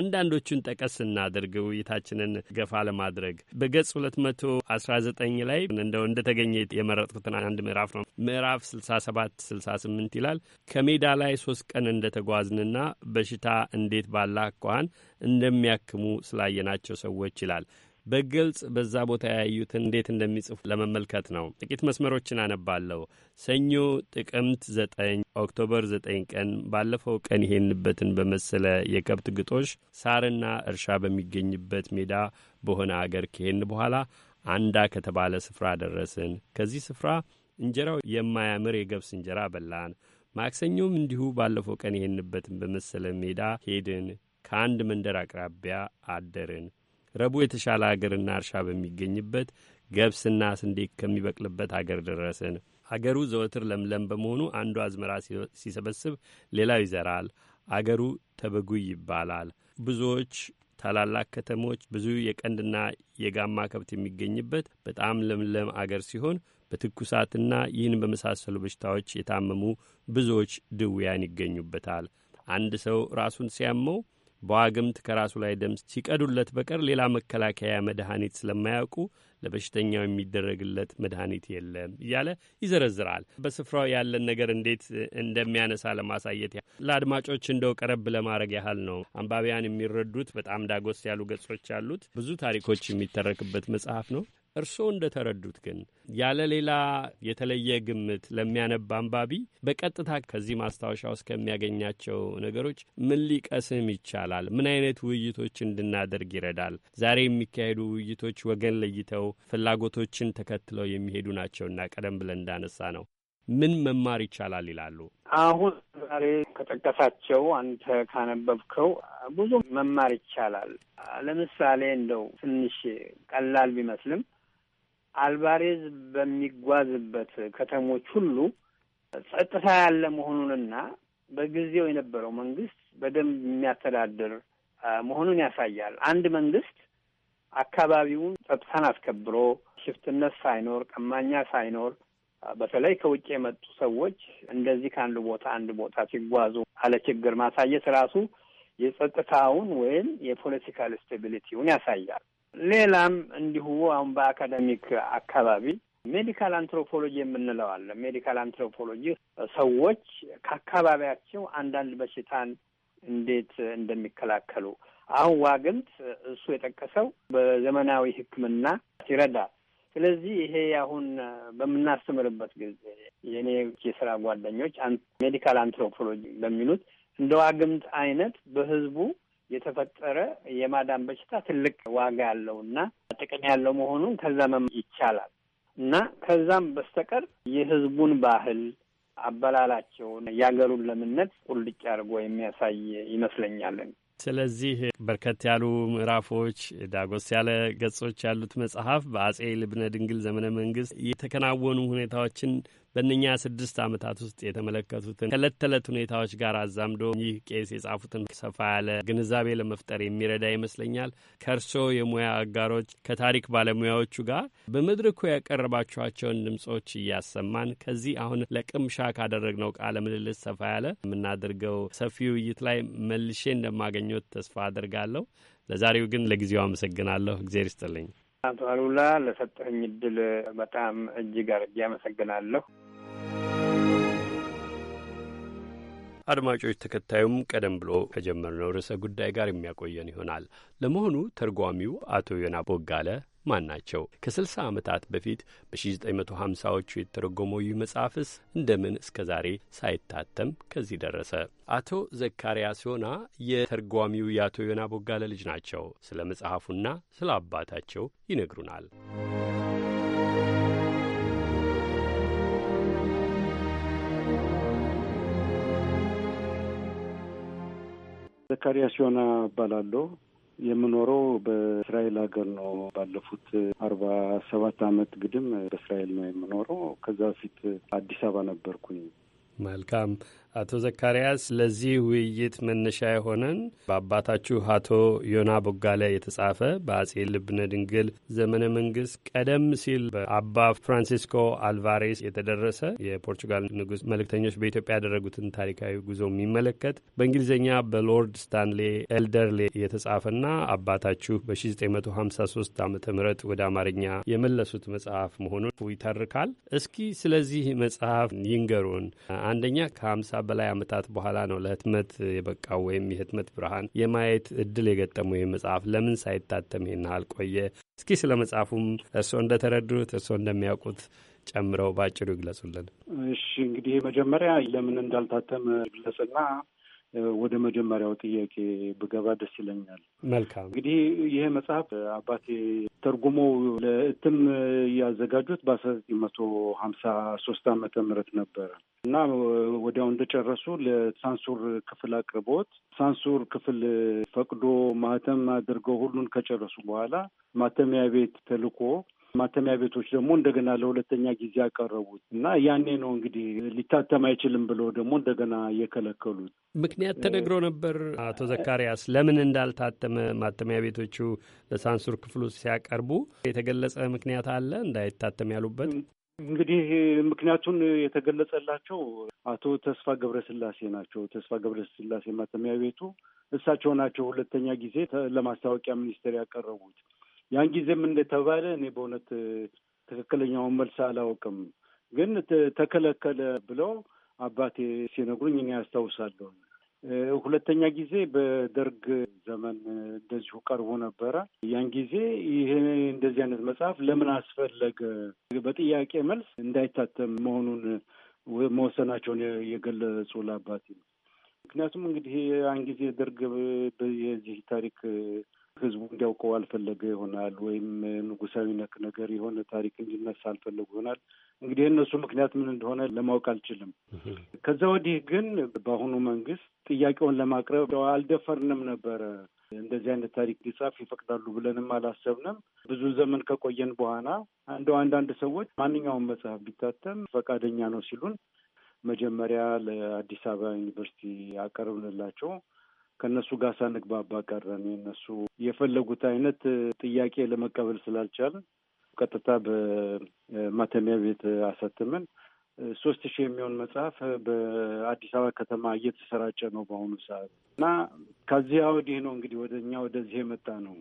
አንዳንዶቹን ጠቀስ እናድርግ ውይይታችንን ገፋ ለማድረግ በገጽ ሁለት መቶ አስራ ዘጠኝ ላይ እንደው እንደተገኘ የመረ የመረጥኩትን አንድ ምዕራፍ ነው። ምዕራፍ 67 68 ይላል ከሜዳ ላይ ሶስት ቀን እንደ ተጓዝንና በሽታ እንዴት ባለ አኳኋን እንደሚያክሙ ስላየናቸው ሰዎች ይላል። በግልጽ በዛ ቦታ ያዩትን እንዴት እንደሚጽፉ ለመመልከት ነው። ጥቂት መስመሮችን አነባለሁ። ሰኞ ጥቅምት ዘጠኝ ኦክቶበር ዘጠኝ ቀን ባለፈው ቀን ይሄንበትን በመሰለ የከብት ግጦሽ ሳርና እርሻ በሚገኝበት ሜዳ በሆነ አገር ከሄን በኋላ አንዳ ከተባለ ስፍራ ደረስን። ከዚህ ስፍራ እንጀራው የማያምር የገብስ እንጀራ በላን። ማክሰኞም እንዲሁ ባለፈው ቀን የሄንበትን በመሰለ ሜዳ ሄድን። ከአንድ መንደር አቅራቢያ አደርን። ረቡዕ የተሻለ አገርና እርሻ በሚገኝበት ገብስና ስንዴ ከሚበቅልበት አገር ደረስን። አገሩ ዘወትር ለምለም በመሆኑ አንዱ አዝመራ ሲሰበስብ ሌላው ይዘራል። አገሩ ተበጉይ ይባላል። ብዙዎች ታላላቅ ከተሞች ብዙ የቀንድና የጋማ ከብት የሚገኝበት በጣም ለምለም አገር ሲሆን በትኩሳትና ይህን በመሳሰሉ በሽታዎች የታመሙ ብዙዎች ድውያን ይገኙበታል። አንድ ሰው ራሱን ሲያመው በዋግምት ከራሱ ላይ ደም ሲቀዱለት በቀር ሌላ መከላከያ መድኃኒት ስለማያውቁ ለበሽተኛው የሚደረግለት መድኃኒት የለም እያለ ይዘረዝራል። በስፍራው ያለን ነገር እንዴት እንደሚያነሳ ለማሳየት ለአድማጮች እንደው ቀረብ ለማድረግ ያህል ነው። አንባቢያን የሚረዱት በጣም ዳጎስ ያሉ ገጾች ያሉት ብዙ ታሪኮች የሚተረክበት መጽሐፍ ነው። እርስዎ እንደተረዱት ግን ያለ ሌላ የተለየ ግምት ለሚያነብ አንባቢ በቀጥታ ከዚህ ማስታወሻ ውስጥ ከሚያገኛቸው ነገሮች ምን ሊቀስም ይቻላል? ምን አይነት ውይይቶች እንድናደርግ ይረዳል? ዛሬ የሚካሄዱ ውይይቶች ወገን ለይተው ፍላጎቶችን ተከትለው የሚሄዱ ናቸውና ቀደም ብለን እንዳነሳ ነው ምን መማር ይቻላል ይላሉ። አሁን ዛሬ ከጠቀሳቸው አንተ ካነበብከው ብዙ መማር ይቻላል። ለምሳሌ እንደው ትንሽ ቀላል ቢመስልም አልቫሬዝ በሚጓዝበት ከተሞች ሁሉ ጸጥታ ያለ መሆኑንና በጊዜው የነበረው መንግስት በደንብ የሚያስተዳድር መሆኑን ያሳያል። አንድ መንግስት አካባቢውን ጸጥታን አስከብሮ ሽፍትነት ሳይኖር ቀማኛ ሳይኖር በተለይ ከውጭ የመጡ ሰዎች እንደዚህ ከአንድ ቦታ አንድ ቦታ ሲጓዙ አለ ችግር ማሳየት ራሱ የጸጥታውን ወይም የፖለቲካል ስቴቢሊቲውን ያሳያል። ሌላም እንዲሁ አሁን በአካደሚክ አካባቢ ሜዲካል አንትሮፖሎጂ የምንለው አለ። ሜዲካል አንትሮፖሎጂ ሰዎች ከአካባቢያቸው አንዳንድ በሽታን እንዴት እንደሚከላከሉ አሁን ዋግምት እሱ የጠቀሰው በዘመናዊ ሕክምና ይረዳል። ስለዚህ ይሄ አሁን በምናስተምርበት ጊዜ የእኔ የስራ ጓደኞች ሜዲካል አንትሮፖሎጂ በሚሉት እንደ ዋግምት አይነት በህዝቡ የተፈጠረ የማዳን በሽታ ትልቅ ዋጋ ያለው እና ጥቅም ያለው መሆኑን ከዘመም ይቻላል እና ከዛም በስተቀር የህዝቡን ባህል አበላላቸውን የአገሩን ለምነት ቁልጭ አድርጎ የሚያሳይ ይመስለኛለን። ስለዚህ በርከት ያሉ ምዕራፎች፣ ዳጎስ ያለ ገጾች ያሉት መጽሐፍ በአጼ ልብነ ድንግል ዘመነ መንግስት የተከናወኑ ሁኔታዎችን በእነኛ ስድስት ዓመታት ውስጥ የተመለከቱትን ከእለት ተዕለት ሁኔታዎች ጋር አዛምዶ ይህ ቄስ የጻፉትን ሰፋ ያለ ግንዛቤ ለመፍጠር የሚረዳ ይመስለኛል። ከእርሶ የሙያ አጋሮች ከታሪክ ባለሙያዎቹ ጋር በመድረኩ ያቀረባችኋቸውን ድምጾች እያሰማን ከዚህ አሁን ለቅምሻ ካደረግነው ቃለ ምልልስ ሰፋ ያለ የምናደርገው ሰፊ ውይይት ላይ መልሼ እንደማገኘት ተስፋ አድርጋለሁ። ለዛሬው ግን ለጊዜው አመሰግናለሁ። እግዜር ይስጥልኝ። አቶ አሉላ ለሰጠኝ እድል በጣም እጅግ አርጌ አመሰግናለሁ። አድማጮች ተከታዩም ቀደም ብሎ ከጀመርነው ርዕሰ ጉዳይ ጋር የሚያቆየን ይሆናል። ለመሆኑ ተርጓሚው አቶ ዮና ቦጋለ ማን ናቸው? ከ60 ዓመታት በፊት በ1950ዎቹ የተተረጎመው ይህ መጽሐፍስ እንደምን እስከ ዛሬ ሳይታተም ከዚህ ደረሰ? አቶ ዘካርያስ ዮና የተርጓሚው የአቶ ዮና ቦጋለ ልጅ ናቸው። ስለ መጽሐፉና ስለ አባታቸው ይነግሩናል። ዘካርያስ ዮና እባላለሁ። የምኖረው በእስራኤል ሀገር ነው። ባለፉት አርባ ሰባት አመት ግድም በእስራኤል ነው የምኖረው። ከዛ በፊት አዲስ አበባ ነበርኩኝ። መልካም አቶ ዘካርያስ ለዚህ ውይይት መነሻ የሆነን በአባታችሁ አቶ ዮና ቦጋለ የተጻፈ በአጼ ልብነ ድንግል ዘመነ መንግስት ቀደም ሲል በአባ ፍራንሲስኮ አልቫሬስ የተደረሰ የፖርቹጋል ንጉስ መልእክተኞች በኢትዮጵያ ያደረጉትን ታሪካዊ ጉዞ የሚመለከት በእንግሊዝኛ በሎርድ ስታንሌ ኤልደርሌ የተጻፈና አባታችሁ በ1953 ዓ ም ወደ አማርኛ የመለሱት መጽሐፍ መሆኑን ይተርካል። እስኪ ስለዚህ መጽሐፍ ይንገሩን። አንደኛ ከ በላይ ዓመታት በኋላ ነው ለህትመት የበቃው ወይም የህትመት ብርሃን የማየት እድል የገጠመው ይህ መጽሐፍ ለምን ሳይታተም ይህን አልቆየ? እስኪ ስለ መጽሐፉም እርስዎ እንደተረዱት እርስዎ እንደሚያውቁት ጨምረው በአጭሩ ይግለጹልን። እሺ እንግዲህ መጀመሪያ ለምን እንዳልታተም ግለጽና ወደ መጀመሪያው ጥያቄ ብገባ ደስ ይለኛል። መልካም እንግዲህ ይህ መጽሐፍ አባቴ ተርጉመው ለእትም ያዘጋጁት በአስራ ዘጠኝ መቶ ሀምሳ ሶስት ዓመተ ምህረት ነበረ እና ወዲያው እንደጨረሱ ለሳንሱር ክፍል አቅርቦት ሳንሱር ክፍል ፈቅዶ ማህተም አድርገው ሁሉን ከጨረሱ በኋላ ማተሚያ ቤት ተልኮ ማተሚያ ቤቶች ደግሞ እንደገና ለሁለተኛ ጊዜ ያቀረቡት እና ያኔ ነው እንግዲህ ሊታተም አይችልም ብለው ደግሞ እንደገና የከለከሉት። ምክንያት ተነግሮ ነበር። አቶ ዘካሪያስ ለምን እንዳልታተመ ማተሚያ ቤቶቹ ለሳንሱር ክፍሉ ሲያቀርቡ የተገለጸ ምክንያት አለ እንዳይታተም ያሉበት? እንግዲህ ምክንያቱን የተገለጸላቸው አቶ ተስፋ ገብረስላሴ ናቸው። ተስፋ ገብረስላሴ ማተሚያ ቤቱ እሳቸው ናቸው ሁለተኛ ጊዜ ለማስታወቂያ ሚኒስቴር ያቀረቡት። ያን ጊዜም እንደተባለ እኔ በእውነት ትክክለኛውን መልስ አላውቅም፣ ግን ተከለከለ ብለው አባቴ ሲነግሩኝ እኔ ያስታውሳለሁ። ሁለተኛ ጊዜ በደርግ ዘመን እንደዚሁ ቀርቦ ነበረ። ያን ጊዜ ይህ እንደዚህ አይነት መጽሐፍ ለምን አስፈለገ በጥያቄ መልስ እንዳይታተም መሆኑን መወሰናቸውን የገለጹ ለአባቴ ነው። ምክንያቱም እንግዲህ ያን ጊዜ ደርግ በዚህ ታሪክ ህዝቡ እንዲያውቀው አልፈለገ ይሆናል ወይም ንጉሳዊ ነክ ነገር የሆነ ታሪክ እንዲነሳ አልፈለጉ ይሆናል። እንግዲህ የእነሱ ምክንያት ምን እንደሆነ ለማወቅ አልችልም። ከዛ ወዲህ ግን በአሁኑ መንግስት ጥያቄውን ለማቅረብ አልደፈርንም ነበረ። እንደዚህ አይነት ታሪክ ሊጻፍ ይፈቅዳሉ ብለንም አላሰብንም። ብዙ ዘመን ከቆየን በኋላ እንደው አንዳንድ ሰዎች ማንኛውም መጽሐፍ ቢታተም ፈቃደኛ ነው ሲሉን መጀመሪያ ለአዲስ አበባ ዩኒቨርሲቲ አቀርብንላቸው ከእነሱ ጋር ሳንግባባ ቀረን። የእነሱ የፈለጉት አይነት ጥያቄ ለመቀበል ስላልቻልን ቀጥታ በማተሚያ ቤት አሳትመን ሶስት ሺህ የሚሆን መጽሐፍ በአዲስ አበባ ከተማ እየተሰራጨ ነው በአሁኑ ሰዓት እና ከዚያ ወዲህ ነው እንግዲህ ወደ እኛ ወደዚህ የመጣ ነው።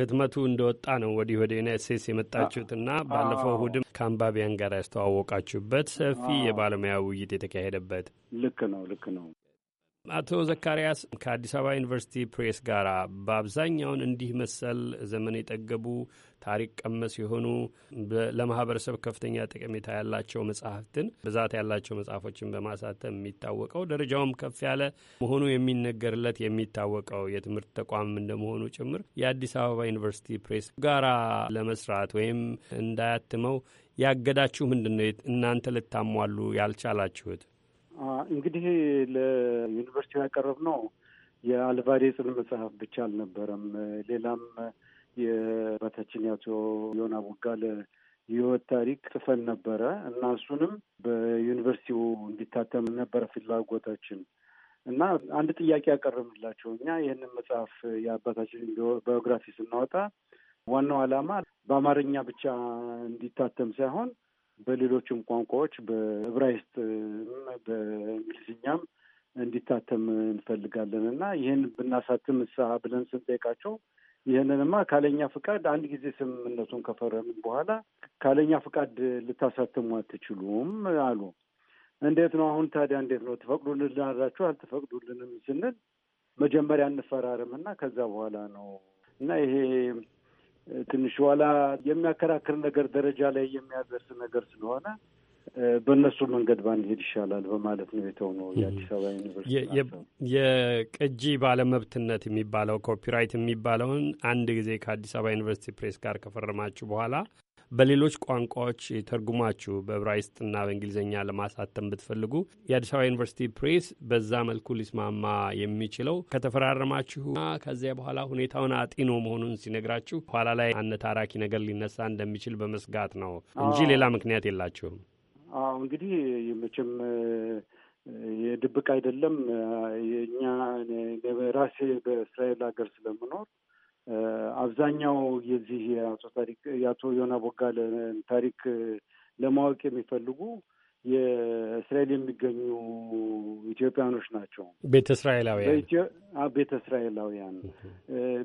ህትመቱ እንደወጣ ነው ወዲህ ወደ ዩናይት ስቴትስ የመጣችሁትና ባለፈው እሑድም ከአንባቢያን ጋር ያስተዋወቃችሁበት ሰፊ የባለሙያ ውይይት የተካሄደበት ልክ ነው ልክ ነው። አቶ ዘካርያስ ከአዲስ አበባ ዩኒቨርሲቲ ፕሬስ ጋር በአብዛኛውን እንዲህ መሰል ዘመን የጠገቡ ታሪክ ቀመስ የሆኑ ለማህበረሰብ ከፍተኛ ጠቀሜታ ያላቸው መጽሐፍትን ብዛት ያላቸው መጽሐፎችን በማሳተም የሚታወቀው ደረጃውም ከፍ ያለ መሆኑ የሚነገርለት የሚታወቀው የትምህርት ተቋም እንደመሆኑ ጭምር የአዲስ አበባ ዩኒቨርሲቲ ፕሬስ ጋራ ለመስራት ወይም እንዳያትመው ያገዳችሁ ምንድን ነው? እናንተ ልታሟሉ ያልቻላችሁት? እንግዲህ ለዩኒቨርሲቲው ያቀረብነው የአልቫዴ ጽን መጽሐፍ ብቻ አልነበረም። ሌላም የአባታችን የአቶ ዮና ቦጋለ የህይወት ታሪክ ጽፈን ነበረ እና እሱንም በዩኒቨርሲቲው እንዲታተም ነበረ ፍላጎታችን እና አንድ ጥያቄ ያቀረብንላቸው እኛ ይህንን መጽሐፍ የአባታችን ባዮግራፊ ስናወጣ ዋናው ዓላማ በአማርኛ ብቻ እንዲታተም ሳይሆን በሌሎችም ቋንቋዎች በዕብራይስጥ፣ በእንግሊዝኛም እንዲታተም እንፈልጋለን እና ይህን ብናሳትም እሳ ብለን ስንጠይቃቸው ይህንንማ ካለኛ ፍቃድ አንድ ጊዜ ስምምነቱን ከፈረምን በኋላ ካለኛ ፍቃድ ልታሳትሙ አትችሉም አሉ። እንዴት ነው አሁን ታዲያ እንዴት ነው ትፈቅዱልን አላችሁ አልትፈቅዱልንም ስንል መጀመሪያ እና ከዛ በኋላ ነው እና ይሄ ትንሽ ኋላ የሚያከራክር ነገር ደረጃ ላይ የሚያደርስ ነገር ስለሆነ በእነሱ መንገድ ባንሄድ ይሻላል በማለት ነው የተሆነው። የአዲስ አበባ ዩኒቨርሲቲ የቅጂ ባለመብትነት የሚባለው ኮፒራይት የሚባለውን አንድ ጊዜ ከአዲስ አበባ ዩኒቨርሲቲ ፕሬስ ጋር ከፈረማችሁ በኋላ በሌሎች ቋንቋዎች ተርጉማችሁ በዕብራይስጥና በእንግሊዝኛ ለማሳተም ብትፈልጉ የአዲስ አበባ ዩኒቨርሲቲ ፕሬስ በዛ መልኩ ሊስማማ የሚችለው ከተፈራረማችሁና ከዚያ በኋላ ሁኔታውን አጢኖ መሆኑን ሲነግራችሁ ኋላ ላይ አነታራኪ ነገር ሊነሳ እንደሚችል በመስጋት ነው እንጂ ሌላ ምክንያት የላችሁም። አዎ እንግዲህ መቼም የድብቅ አይደለም። የእኛ ራሴ በእስራኤል ሀገር ስለምኖር አብዛኛው የዚህ የአቶ ታሪክ የአቶ ዮና ቦጋለ ታሪክ ለማወቅ የሚፈልጉ የእስራኤል የሚገኙ ኢትዮጵያኖች ናቸው። ቤተ እስራኤላውያን ቤተ እስራኤላውያን።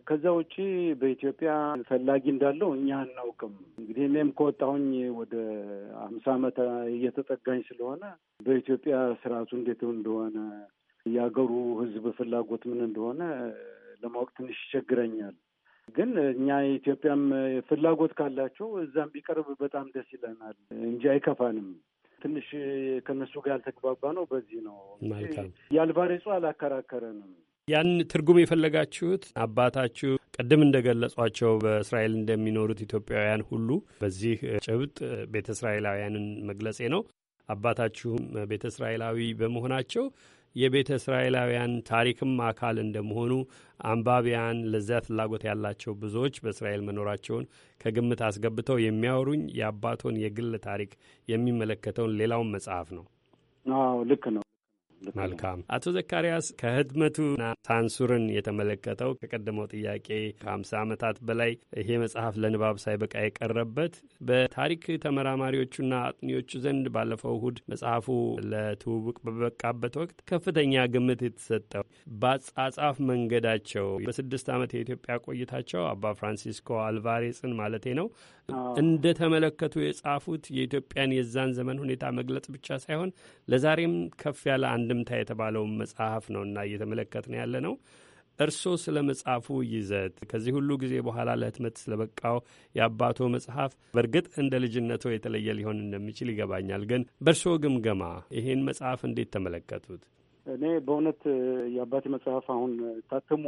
ከዛ ውጪ በኢትዮጵያ ፈላጊ እንዳለው እኛ አናውቅም። እንግዲህ እኔም ከወጣሁኝ ወደ አምሳ ዓመት እየተጠጋኝ ስለሆነ በኢትዮጵያ ስርዓቱ እንዴት እንደሆነ የሀገሩ ሕዝብ ፍላጎት ምን እንደሆነ ለማወቅ ትንሽ ይቸግረኛል። ግን እኛ የኢትዮጵያም ፍላጎት ካላቸው እዛም ቢቀርብ በጣም ደስ ይለናል እንጂ አይከፋንም። ትንሽ ከነሱ ጋር ያልተግባባ ነው። በዚህ ነው የአልቫሬጹ አላከራከረንም። ያን ትርጉም የፈለጋችሁት አባታችሁ ቅድም እንደገለጿቸው በእስራኤል እንደሚኖሩት ኢትዮጵያውያን ሁሉ በዚህ ጭብጥ ቤተ እስራኤላውያንን መግለጼ ነው። አባታችሁም ቤተ እስራኤላዊ በመሆናቸው የቤተ እስራኤላውያን ታሪክም አካል እንደመሆኑ አንባቢያን ለዚያ ፍላጎት ያላቸው ብዙዎች በእስራኤል መኖራቸውን ከግምት አስገብተው የሚያወሩኝ የአባቶን የግል ታሪክ የሚመለከተውን ሌላውን መጽሐፍ ነው። አዎ ልክ ነው። መልካም አቶ ዘካርያስ ከህትመቱና ሳንሱርን የተመለከተው ከቀደመው ጥያቄ ከሀምሳ ዓመታት በላይ ይሄ መጽሐፍ ለንባብ ሳይበቃ የቀረበት በታሪክ ተመራማሪዎቹና አጥኚዎቹ ዘንድ ባለፈው እሁድ መጽሐፉ ለትውውቅ በበቃበት ወቅት ከፍተኛ ግምት የተሰጠው በአጻጻፍ መንገዳቸው በስድስት ዓመት የኢትዮጵያ ቆይታቸው አባ ፍራንሲስኮ አልቫሬስን ማለቴ ነው እንደ ተመለከቱ የጻፉት የኢትዮጵያን የዛን ዘመን ሁኔታ መግለጽ ብቻ ሳይሆን ለዛሬም ከፍ ያለ አንድምታ የተባለውን መጽሐፍ ነው እና እየተመለከት ነው ያለ ነው። እርስዎ ስለ መጽሐፉ ይዘት ከዚህ ሁሉ ጊዜ በኋላ ለህትመት ስለበቃው የአባቶ መጽሐፍ በእርግጥ እንደ ልጅነቶ የተለየ ሊሆን እንደሚችል ይገባኛል። ግን በእርስዎ ግምገማ ይሄን መጽሐፍ እንዴት ተመለከቱት? እኔ በእውነት የአባቴ መጽሐፍ አሁን ታትሞ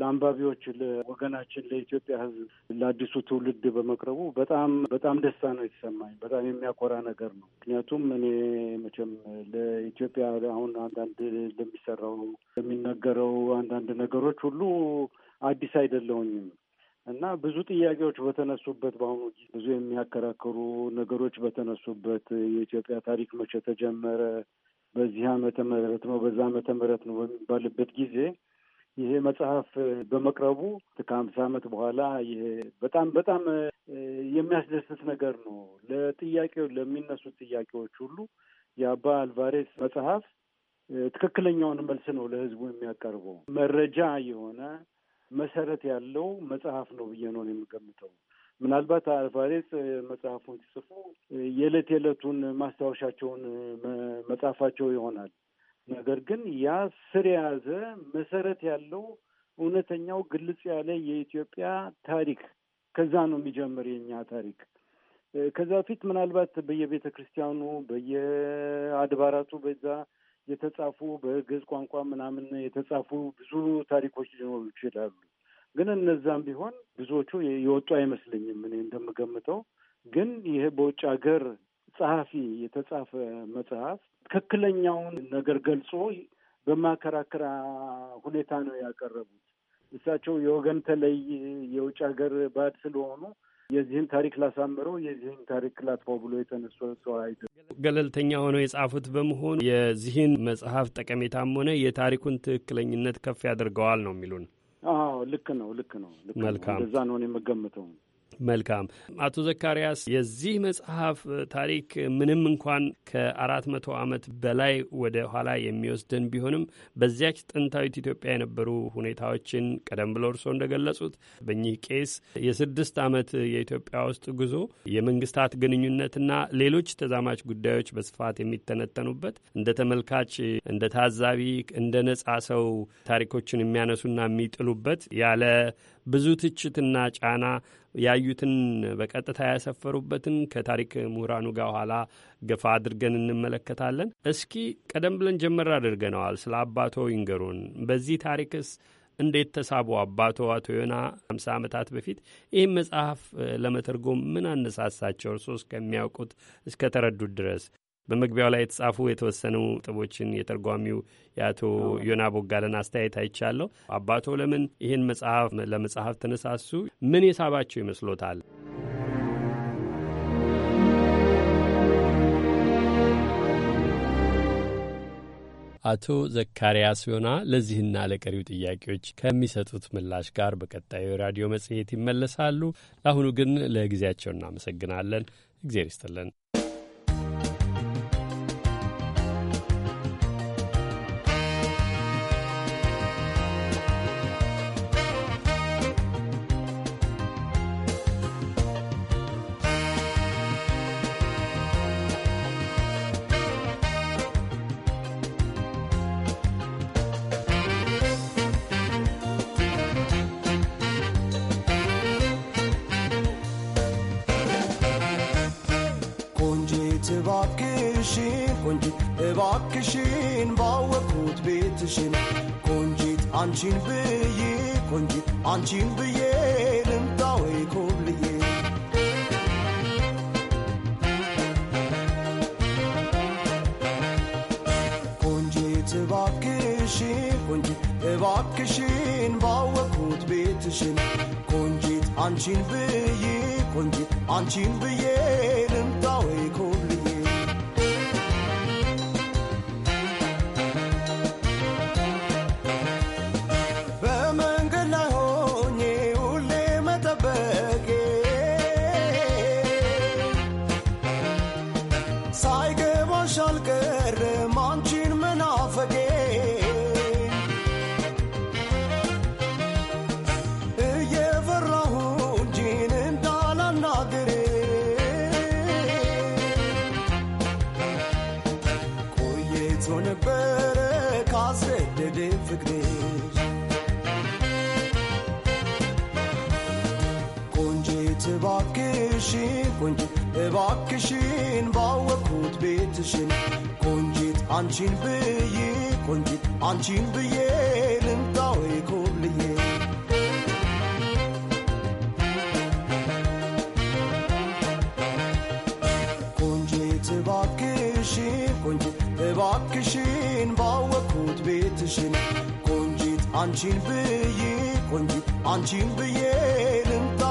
ለአንባቢዎች ለወገናችን ለኢትዮጵያ ሕዝብ ለአዲሱ ትውልድ በመቅረቡ በጣም በጣም ደስታ ነው የተሰማኝ። በጣም የሚያኮራ ነገር ነው። ምክንያቱም እኔ መቼም ለኢትዮጵያ አሁን አንዳንድ ለሚሰራው ለሚነገረው አንዳንድ ነገሮች ሁሉ አዲስ አይደለሁኝም እና ብዙ ጥያቄዎች በተነሱበት በአሁኑ ጊዜ ብዙ የሚያከራክሩ ነገሮች በተነሱበት የኢትዮጵያ ታሪክ መቼ ተጀመረ በዚህ ዓመተ ምህረት ነው በዛ ዓመተ ምህረት ነው በሚባልበት ጊዜ ይሄ መጽሐፍ በመቅረቡ ከሀምሳ ዓመት በኋላ ይሄ በጣም በጣም የሚያስደስት ነገር ነው። ለጥያቄው ለሚነሱት ጥያቄዎች ሁሉ የአባ አልቫሬስ መጽሐፍ ትክክለኛውን መልስ ነው ለህዝቡ የሚያቀርበው መረጃ የሆነ መሰረት ያለው መጽሐፍ ነው ብዬ ነው የምገምተው። ምናልባት አልቫሬዝ መጽሐፉን ሲጽፉ የዕለት የዕለቱን ማስታወሻቸውን መጻፋቸው ይሆናል። ነገር ግን ያ ስር የያዘ መሰረት ያለው እውነተኛው ግልጽ ያለ የኢትዮጵያ ታሪክ ከዛ ነው የሚጀምር የኛ ታሪክ። ከዛ በፊት ምናልባት በየቤተ ክርስቲያኑ በየአድባራቱ በዛ የተጻፉ በግዕዝ ቋንቋ ምናምን የተጻፉ ብዙ ታሪኮች ሊኖሩ ይችላሉ። ግን እነዛም ቢሆን ብዙዎቹ የወጡ አይመስለኝም። እኔ እንደምገምተው ግን ይሄ በውጭ ሀገር ጸሐፊ የተጻፈ መጽሐፍ ትክክለኛውን ነገር ገልጾ በማከራከራ ሁኔታ ነው ያቀረቡት። እሳቸው የወገን ተለይ የውጭ ሀገር ባድ ስለሆኑ የዚህን ታሪክ ላሳምረው የዚህን ታሪክ ላጥፋው ብሎ የተነሱ ሰው አይደ ገለልተኛ ሆነው የጻፉት በመሆኑ የዚህን መጽሐፍ ጠቀሜታም ሆነ የታሪኩን ትክክለኝነት ከፍ ያደርገዋል ነው የሚሉን። ልክ ነው ልክ ነው ልክ ነው። እንደዛ ነው የምገምተው። መልካም አቶ ዘካርያስ የዚህ መጽሐፍ ታሪክ ምንም እንኳን ከአራት መቶ ዓመት በላይ ወደ ኋላ የሚወስድን ቢሆንም በዚያች ጥንታዊት ኢትዮጵያ የነበሩ ሁኔታዎችን ቀደም ብሎ እርስዎ እንደገለጹት በእኚህ ቄስ የስድስት ዓመት የኢትዮጵያ ውስጥ ጉዞ የመንግስታት ግንኙነትና ሌሎች ተዛማች ጉዳዮች በስፋት የሚተነተኑበት እንደ ተመልካች፣ እንደ ታዛቢ፣ እንደ ነጻ ሰው ታሪኮችን የሚያነሱና የሚጥሉበት ያለ ብዙ ትችትና ጫና ያዩትን በቀጥታ ያሰፈሩበትን ከታሪክ ምሁራኑ ጋር ኋላ ገፋ አድርገን እንመለከታለን። እስኪ ቀደም ብለን ጀመር አድርገነዋል። ስለ አባቶ ይንገሩን። በዚህ ታሪክስ እንዴት ተሳቡ አባቶ አቶ ዮና ሃምሳ ዓመታት በፊት ይህም መጽሐፍ ለመተርጎም ምን አነሳሳቸው? እርሶ እስከሚያውቁት እስከ ተረዱት ድረስ በመግቢያው ላይ የተጻፉ የተወሰኑ ጥቦችን የተርጓሚው የአቶ ዮና ቦጋለን አስተያየት አይቻለሁ። አባቶ ለምን ይህን መጽሐፍ ለመጽሐፍ ተነሳሱ? ምን የሳባቸው ይመስሎታል? አቶ ዘካርያስ ዮና ለዚህና ለቀሪው ጥያቄዎች ከሚሰጡት ምላሽ ጋር በቀጣዩ የራዲዮ መጽሔት ይመለሳሉ። ለአሁኑ ግን ለጊዜያቸው እናመሰግናለን። እግዜር ይስጥልን። እባክሽን ቆንጂት እባክሽን ባወቅኩት ቤትሽን ቆንጂት አንቺን ብዬ ቆንጂት አንቺን ብዬ ልምጣ ወይ ኮብልዬ ቆንጂት እባክሽን ቆንጂት እባክሽን ባወቅኩት ቤትሽን ቆንጂት አንቺን ብዬ ቆንጂት አንቺን ብዬ ልምጣ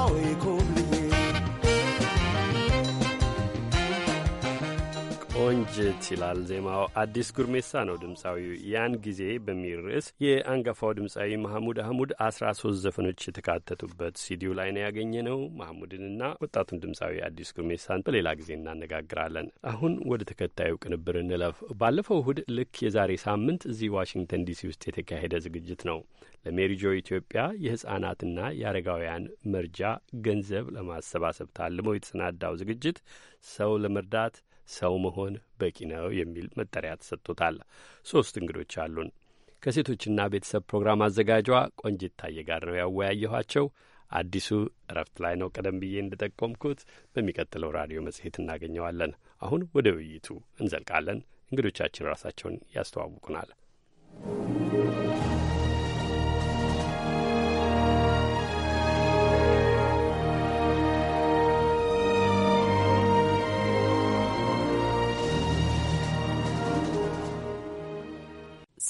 ቅንጅት ይላል ዜማው። አዲስ ጉርሜሳ ነው ድምፃዊው። ያን ጊዜ በሚል ርዕስ የአንጋፋው ድምፃዊ ማህሙድ አህሙድ አስራ ሶስት ዘፈኖች የተካተቱበት ሲዲው ላይ ነው ያገኘ ነው። ማሙድንና ወጣቱን ድምፃዊ አዲስ ጉርሜሳን በሌላ ጊዜ እናነጋግራለን። አሁን ወደ ተከታዩ ቅንብር እንለፍ። ባለፈው እሁድ ልክ የዛሬ ሳምንት እዚህ ዋሽንግተን ዲሲ ውስጥ የተካሄደ ዝግጅት ነው ለሜሪጆ ኢትዮጵያ የህጻናትና የአረጋውያን መርጃ ገንዘብ ለማሰባሰብ ታልሞ የተሰናዳው ዝግጅት ሰው ለመርዳት ሰው መሆን በቂ ነው የሚል መጠሪያ ተሰጥቶታል። ሶስት እንግዶች አሉን። ከሴቶችና ቤተሰብ ፕሮግራም አዘጋጇ ቆንጂት ታዬ ጋር ነው ያወያየኋቸው። አዲሱ እረፍት ላይ ነው። ቀደም ብዬ እንደጠቆምኩት በሚቀጥለው ራዲዮ መጽሔት እናገኘዋለን። አሁን ወደ ውይይቱ እንዘልቃለን። እንግዶቻችን ራሳቸውን ያስተዋውቁናል።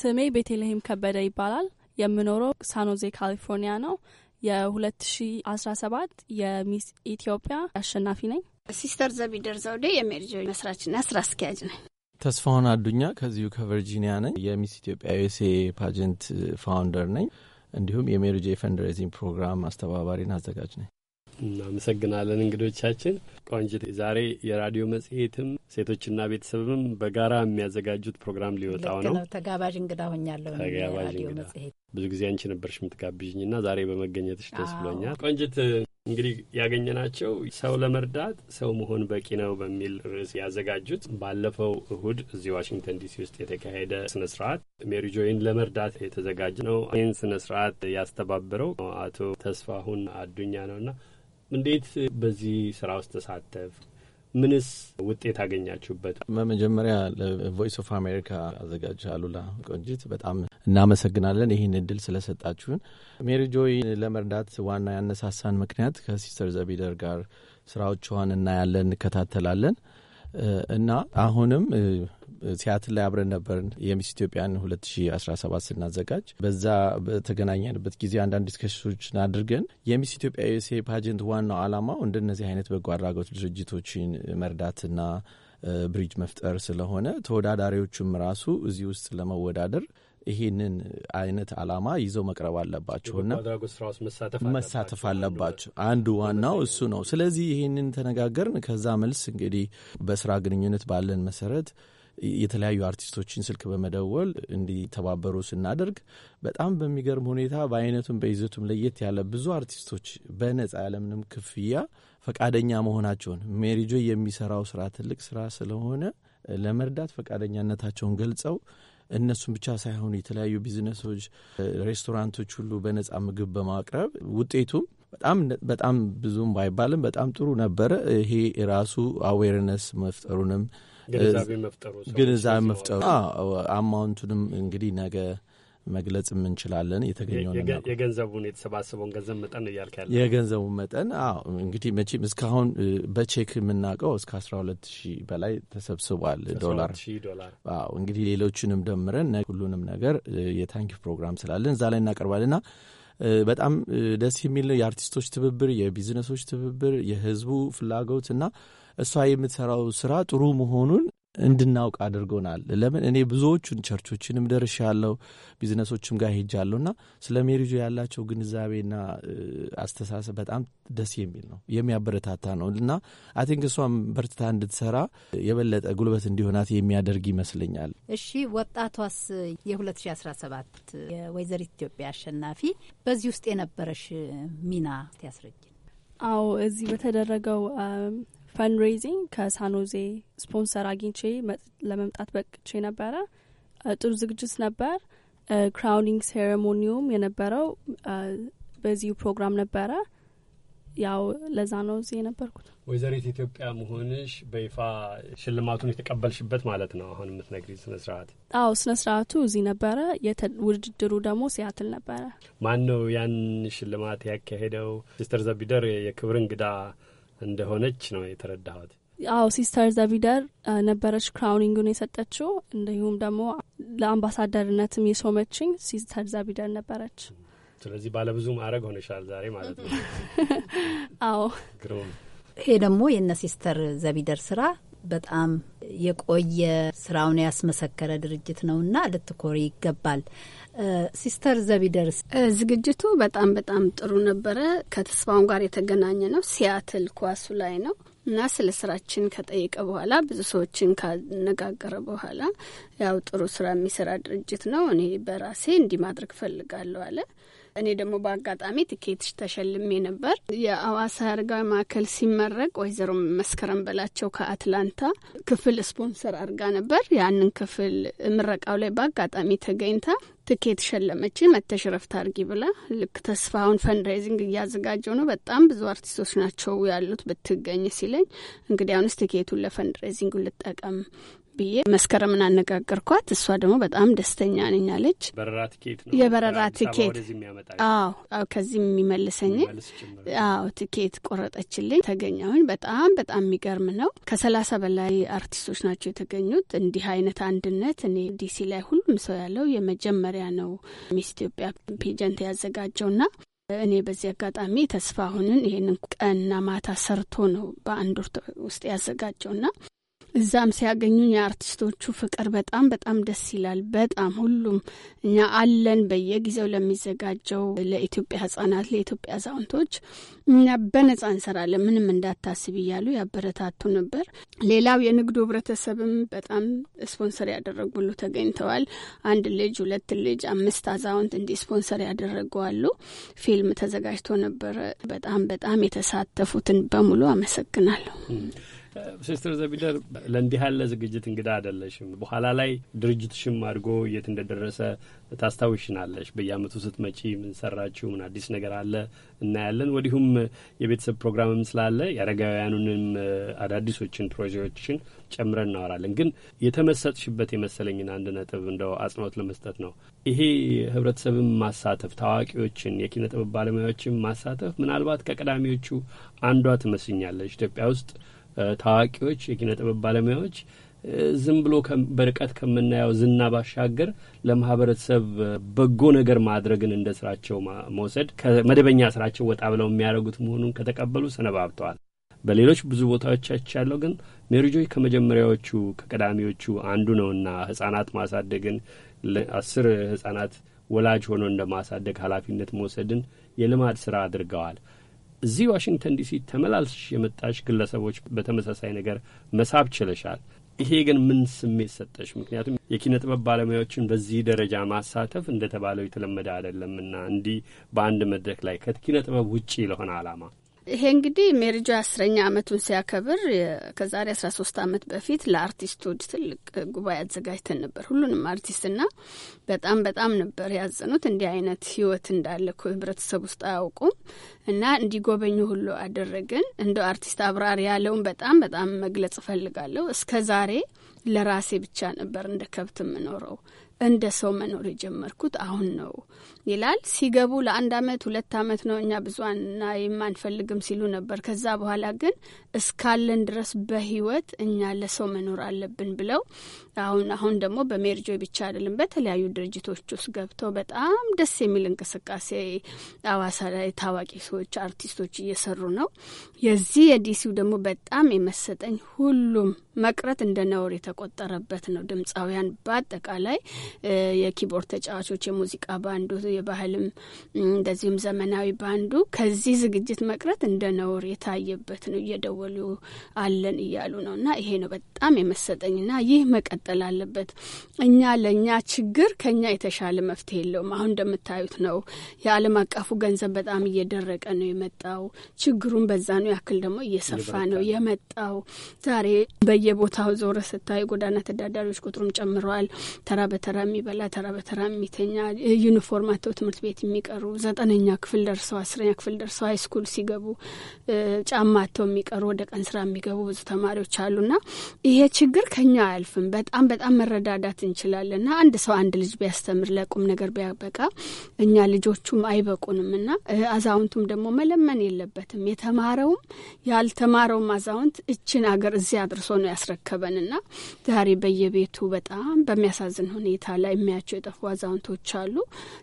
ስሜ ቤቴልሄም ከበደ ይባላል። የምኖረው ሳኖዜ ካሊፎርኒያ ነው። የ2017 የሚስ ኢትዮጵያ አሸናፊ ነኝ። ሲስተር ዘቢደር ዘውዴ የሜሪጆ መስራችና ስራ አስኪያጅ ነኝ። ተስፋሁን አዱኛ ከዚሁ ከቨርጂኒያ ነኝ። የሚስ ኢትዮጵያ ዩሴ ፓጀንት ፋውንደር ነኝ። እንዲሁም የሜሪጆ ፈንድሬዚንግ ፕሮግራም አስተባባሪና አዘጋጅ ነኝ። እናመሰግናለን እንግዶቻችን። ቆንጅት ዛሬ የራዲዮ መጽሔትም ሴቶችና ቤተሰብም በጋራ የሚያዘጋጁት ፕሮግራም ሊወጣው ነው። ተጋባዥ እንግዳ ሆኛለሁ። ተጋባዥ እንግዳ ብዙ ጊዜ አንቺ ነበርሽ የምትጋብዥኝና ዛሬ በመገኘትሽ ደስ ብሎኛል። ቆንጅት እንግዲህ ያገኘናቸው ሰው ለመርዳት ሰው መሆን በቂ ነው በሚል ርዕስ ያዘጋጁት ባለፈው እሁድ እዚህ ዋሽንግተን ዲሲ ውስጥ የተካሄደ ስነ ስርዓት ሜሪ ጆይን ለመርዳት የተዘጋጀ ነው። ይህን ስነ ስርዓት ያስተባበረው አቶ ተስፋሁን አዱኛ ነውና እንዴት በዚህ ስራ ውስጥ ተሳተፍ? ምንስ ውጤት አገኛችሁበት? በመጀመሪያ ለቮይስ ኦፍ አሜሪካ አዘጋጅ አሉላ ቆንጂት በጣም እናመሰግናለን ይህን እድል ስለሰጣችሁን። ሜሪ ጆይ ለመርዳት ዋና ያነሳሳን ምክንያት ከሲስተር ዘቢደር ጋር ስራዎችዋን እናያለን፣ እንከታተላለን እና አሁንም ሲያትል ላይ አብረን ነበርን። የሚስ ኢትዮጵያን 2017 ስናዘጋጅ በዛ በተገናኘንበት ጊዜ አንዳንድ ዲስከሽኖችን አድርገን የሚስ ኢትዮጵያ ዩኤስኤ ፓጀንት ዋናው አላማው እንደነዚህ አይነት በጎ አድራጎት ድርጅቶችን መርዳትና ብሪጅ መፍጠር ስለሆነ ተወዳዳሪዎቹም ራሱ እዚህ ውስጥ ለመወዳደር ይህንን አይነት አላማ ይዘው መቅረብ አለባቸውና መሳተፍ አለባቸው። አንዱ ዋናው እሱ ነው። ስለዚህ ይህንን ተነጋገርን። ከዛ መልስ እንግዲህ በስራ ግንኙነት ባለን መሰረት የተለያዩ አርቲስቶችን ስልክ በመደወል እንዲተባበሩ ስናደርግ በጣም በሚገርም ሁኔታ በአይነቱም በይዘቱም ለየት ያለ ብዙ አርቲስቶች በነጻ ያለምንም ክፍያ ፈቃደኛ መሆናቸውን ሜሪጆ የሚሰራው ስራ ትልቅ ስራ ስለሆነ ለመርዳት ፈቃደኛነታቸውን ገልጸው እነሱም ብቻ ሳይሆኑ የተለያዩ ቢዝነሶች፣ ሬስቶራንቶች ሁሉ በነጻ ምግብ በማቅረብ ውጤቱም በጣም በጣም ብዙም ባይባልም በጣም ጥሩ ነበረ። ይሄ የራሱ አዌርነስ መፍጠሩንም ግንዛቤ መፍጠሩ አማውንቱንም እንግዲህ ነገ መግለጽ የምንችላለን። የተገኘው የገንዘቡን የተሰባሰበውን ገንዘብ መጠን ነው እያልክ ያለ የገንዘቡ መጠን አዎ። እንግዲህ መቼም እስካሁን በቼክ የምናውቀው እስከ አስራ ሁለት ሺህ በላይ ተሰብስቧል ዶላር። አዎ እንግዲህ ሌሎችንም ደምረን ሁሉንም ነገር የታንኪ ፕሮግራም ስላለን እዛ ላይ እናቀርባልና በጣም ደስ የሚል ነው። የአርቲስቶች ትብብር፣ የቢዝነሶች ትብብር፣ የህዝቡ ፍላጎት እና እሷ የምትሰራው ስራ ጥሩ መሆኑን እንድናውቅ አድርጎናል። ለምን እኔ ብዙዎቹን ቸርቾችንም ደርሻለሁ፣ ቢዝነሶችም ጋር ሄጃለሁ ስለ ሜሪጆ ያላቸው ግንዛቤና አስተሳሰብ በጣም ደስ የሚል ነው፣ የሚያበረታታ ነው እና አይ ቲንክ እሷም በርትታ እንድትሰራ የበለጠ ጉልበት እንዲሆናት የሚያደርግ ይመስለኛል። እሺ ወጣቷስ የ2017 የወይዘሪት ኢትዮጵያ አሸናፊ በዚህ ውስጥ የነበረሽ ሚና ያስረጅ። አዎ እዚህ በተደረገው ፈንድሬዚንግ ከሳኖዜ ስፖንሰር አግኝቼ ለመምጣት በቅቼ ነበረ። ጥሩ ዝግጅት ነበር። ክራውኒንግ ሴሬሞኒውም የነበረው በዚሁ ፕሮግራም ነበረ። ያው ለዛ ነው እዚህ የነበርኩት። ወይዘሪት ኢትዮጵያ መሆንሽ በይፋ ሽልማቱን የተቀበልሽበት ማለት ነው። አሁን የምትነግሪ ስነ ስርአት? አዎ ስነ ስርአቱ እዚህ ነበረ። ውድድሩ ደግሞ ሲያትል ነበረ። ማን ነው ያን ሽልማት ያካሄደው? ሲስተር ዘቢደር የክብር እንግዳ እንደሆነች ነው የተረዳሁት። አዎ ሲስተር ዘቢደር ነበረች ክራውኒንግን የሰጠችው። እንዲሁም ደግሞ ለአምባሳደርነትም የሶመችኝ ሲስተር ዘቢደር ነበረች። ስለዚህ ባለብዙ ማዕረግ ሆነሻል ዛሬ ማለት ነው። አዎ ግሩም። ይሄ ደግሞ የእነ ሲስተር ዘቢደር ስራ በጣም የቆየ ስራውን ያስመሰከረ ድርጅት ነውና ልትኮሪ ይገባል። ሲስተር ዘቢደርስ ዝግጅቱ በጣም በጣም ጥሩ ነበረ። ከተስፋውን ጋር የተገናኘ ነው። ሲያትል ኳሱ ላይ ነው እና ስለ ስራችን ከጠየቀ በኋላ ብዙ ሰዎችን ካነጋገረ በኋላ ያው ጥሩ ስራ የሚሰራ ድርጅት ነው፣ እኔ በራሴ እንዲህ ማድረግ ፈልጋለሁ አለ። እኔ ደግሞ በአጋጣሚ ትኬትሽ ተሸልሜ ነበር። የአዋሳ አረጋዊ ማዕከል ሲመረቅ ወይዘሮ መስከረም በላቸው ከአትላንታ ክፍል ስፖንሰር አድርጋ ነበር። ያንን ክፍል ምረቃው ላይ በአጋጣሚ ተገኝታ ትኬት ሸለመች። መተሽ ረፍት አርጊ ብላ ልክ ተስፋውን ፈንድራይዚንግ እያዘጋጀው ነው በጣም ብዙ አርቲስቶች ናቸው ያሉት ብትገኝ ሲለኝ፣ እንግዲህ አሁንስ ትኬቱን ለፈንድራይዚንግ ልጠቀም ብዬ መስከረምን አነጋገርኳት። እሷ ደግሞ በጣም ደስተኛ ነኝ አለች። የበረራ ትኬት አዎ አዎ፣ ከዚህ የሚመልሰኝ አዎ፣ ትኬት ቆረጠችልኝ። ተገኘሁኝ። በጣም በጣም የሚገርም ነው። ከሰላሳ በላይ አርቲስቶች ናቸው የተገኙት። እንዲህ አይነት አንድነት እኔ ዲሲ ላይ ሁሉም ሰው ያለው የመጀመሪያ ነው። ሚስ ኢትዮጵያ ፔጀንት ያዘጋጀውና እኔ በዚህ አጋጣሚ ተስፋ አሁንን ይህንን ቀንና ማታ ሰርቶ ነው በአንድ ወር ውስጥ ያዘጋጀውና እዛም ሲያገኙኝ የአርቲስቶቹ ፍቅር በጣም በጣም ደስ ይላል። በጣም ሁሉም እኛ አለን በየጊዜው ለሚዘጋጀው ለኢትዮጵያ ህጻናት፣ ለኢትዮጵያ አዛውንቶች እኛ በነጻ እንሰራለን ምንም እንዳታስብ እያሉ ያበረታቱ ነበር። ሌላው የንግዱ ህብረተሰብም በጣም ስፖንሰር ያደረጉሉ ተገኝተዋል። አንድ ልጅ፣ ሁለት ልጅ፣ አምስት አዛውንት እንዲህ ስፖንሰር ያደረገዋሉ። ፊልም ተዘጋጅቶ ነበረ። በጣም በጣም የተሳተፉትን በሙሉ አመሰግናለሁ። ሲስተር ዘቢደር ለእንዲህ ያለ ዝግጅት እንግዳ አይደለሽም። በኋላ ላይ ድርጅትሽም አድጎ የት እንደደረሰ ታስታውሽናለሽ። በየአመቱ ስትመጪ ምን ሰራችሁ፣ ምን አዲስ ነገር አለ እናያለን። ወዲሁም የቤተሰብ ፕሮግራምም ስላለ የአረጋውያኑንም አዳዲሶችን ፕሮጀክቶችን ጨምረን እናወራለን። ግን የተመሰጥሽበት የመሰለኝን አንድ ነጥብ እንደው አጽንኦት ለመስጠት ነው። ይሄ ህብረተሰብን ማሳተፍ ታዋቂዎችን፣ የኪነ ባለሙያዎችን ማሳተፍ ምናልባት ከቀዳሚዎቹ አንዷ ትመስኛለች ኢትዮጵያ ውስጥ ታዋቂዎች፣ የኪነ ጥበብ ባለሙያዎች ዝም ብሎ በርቀት ከምናየው ዝና ባሻገር ለማህበረሰብ በጎ ነገር ማድረግን እንደ ስራቸው መውሰድ ከመደበኛ ስራቸው ወጣ ብለው የሚያደርጉት መሆኑን ከተቀበሉ ሰነባብተዋል። በሌሎች ብዙ ቦታዎቻች ያለው ግን ሜሪጆይ ከመጀመሪያዎቹ ከቀዳሚዎቹ አንዱ ነውና ህጻናት ማሳደግን ለአስር ህጻናት ወላጅ ሆኖ እንደ ማሳደግ ኃላፊነት መውሰድን የልማድ ስራ አድርገዋል። እዚህ ዋሽንግተን ዲሲ ተመላልስሽ የመጣሽ ግለሰቦች በተመሳሳይ ነገር መሳብ ችለሻል። ይሄ ግን ምን ስሜት ሰጠሽ? ምክንያቱም የኪነ ጥበብ ባለሙያዎችን በዚህ ደረጃ ማሳተፍ እንደተባለው የተለመደ አይደለምና እንዲህ በአንድ መድረክ ላይ ከኪነ ጥበብ ውጪ ለሆነ ዓላማ ይሄ እንግዲህ ሜሪጆ አስረኛ ዓመቱን ሲያከብር ከዛሬ አስራ ሶስት ዓመት በፊት ለአርቲስቶች ትልቅ ጉባኤ አዘጋጅተን ነበር። ሁሉንም አርቲስትና በጣም በጣም ነበር ያዘኑት። እንዲህ አይነት ህይወት እንዳለ እኮ ህብረተሰብ ውስጥ አያውቁም እና እንዲጎበኙ ሁሉ አደረግን። እንደ አርቲስት አብራሪ ያለውን በጣም በጣም መግለጽ እፈልጋለሁ። እስከ ዛሬ ለራሴ ብቻ ነበር እንደ ከብት የምኖረው እንደ ሰው መኖር የጀመርኩት አሁን ነው። ይላል። ሲገቡ ለአንድ አመት ሁለት አመት ነው እኛ ብዙና የማንፈልግም ሲሉ ነበር። ከዛ በኋላ ግን እስካለን ድረስ በህይወት እኛ ለሰው መኖር አለብን ብለው አሁን አሁን ደግሞ በሜርጆ ብቻ አይደለም በተለያዩ ድርጅቶች ውስጥ ገብተው በጣም ደስ የሚል እንቅስቃሴ አዋሳ ላይ ታዋቂ ሰዎች፣ አርቲስቶች እየሰሩ ነው። የዚህ የዲሲው ደግሞ በጣም የመሰጠኝ ሁሉም መቅረት እንደ ነውር የተቆጠረበት ነው። ድምፃውያን በአጠቃላይ የኪቦርድ ተጫዋቾች፣ የሙዚቃ ባንዶች፣ የባህልም እንደዚሁም ዘመናዊ ባንዱ ከዚህ ዝግጅት መቅረት እንደ ነውር የታየበት ነው። እየደወሉ አለን እያሉ ነው እና ይሄ ነው በጣም የመሰጠኝና ይህ መቀጠል አለበት። እኛ ለእኛ ችግር ከኛ የተሻለ መፍትሄ የለውም። አሁን እንደምታዩት ነው። የዓለም አቀፉ ገንዘብ በጣም እየደረቀ ነው የመጣው። ችግሩን ነው ያክል ደግሞ እየሰፋ ነው የመጣው። ዛሬ በየቦታው ዞረ ስታዩ ጎዳና ተዳዳሪዎች ቁጥሩም ጨምረዋል። ተራ በተራ የሚበላ ተራ በተራ የሚተኛ ዩኒፎርም ወጥተው ትምህርት ቤት የሚቀሩ ዘጠነኛ ክፍል ደርሰው አስረኛ ክፍል ደርሰው ሀይ ስኩል ሲገቡ ጫማ አጥተው የሚቀሩ ወደ ቀን ስራ የሚገቡ ብዙ ተማሪዎች አሉና ይሄ ችግር ከኛ አያልፍም። በጣም በጣም መረዳዳት እንችላለንና አንድ ሰው አንድ ልጅ ቢያስተምር ለቁም ነገር ቢያበቃ እኛ ልጆቹም አይበቁንም እና አዛውንቱም ደግሞ መለመን የለበትም። የተማረውም ያልተማረውም አዛውንት እችን አገር እዚህ አድርሶ ነው ያስረከበንና ዛሬ በየቤቱ በጣም በሚያሳዝን ሁኔታ ላይ የሚያቸው የጠፉ አዛውንቶች አሉ።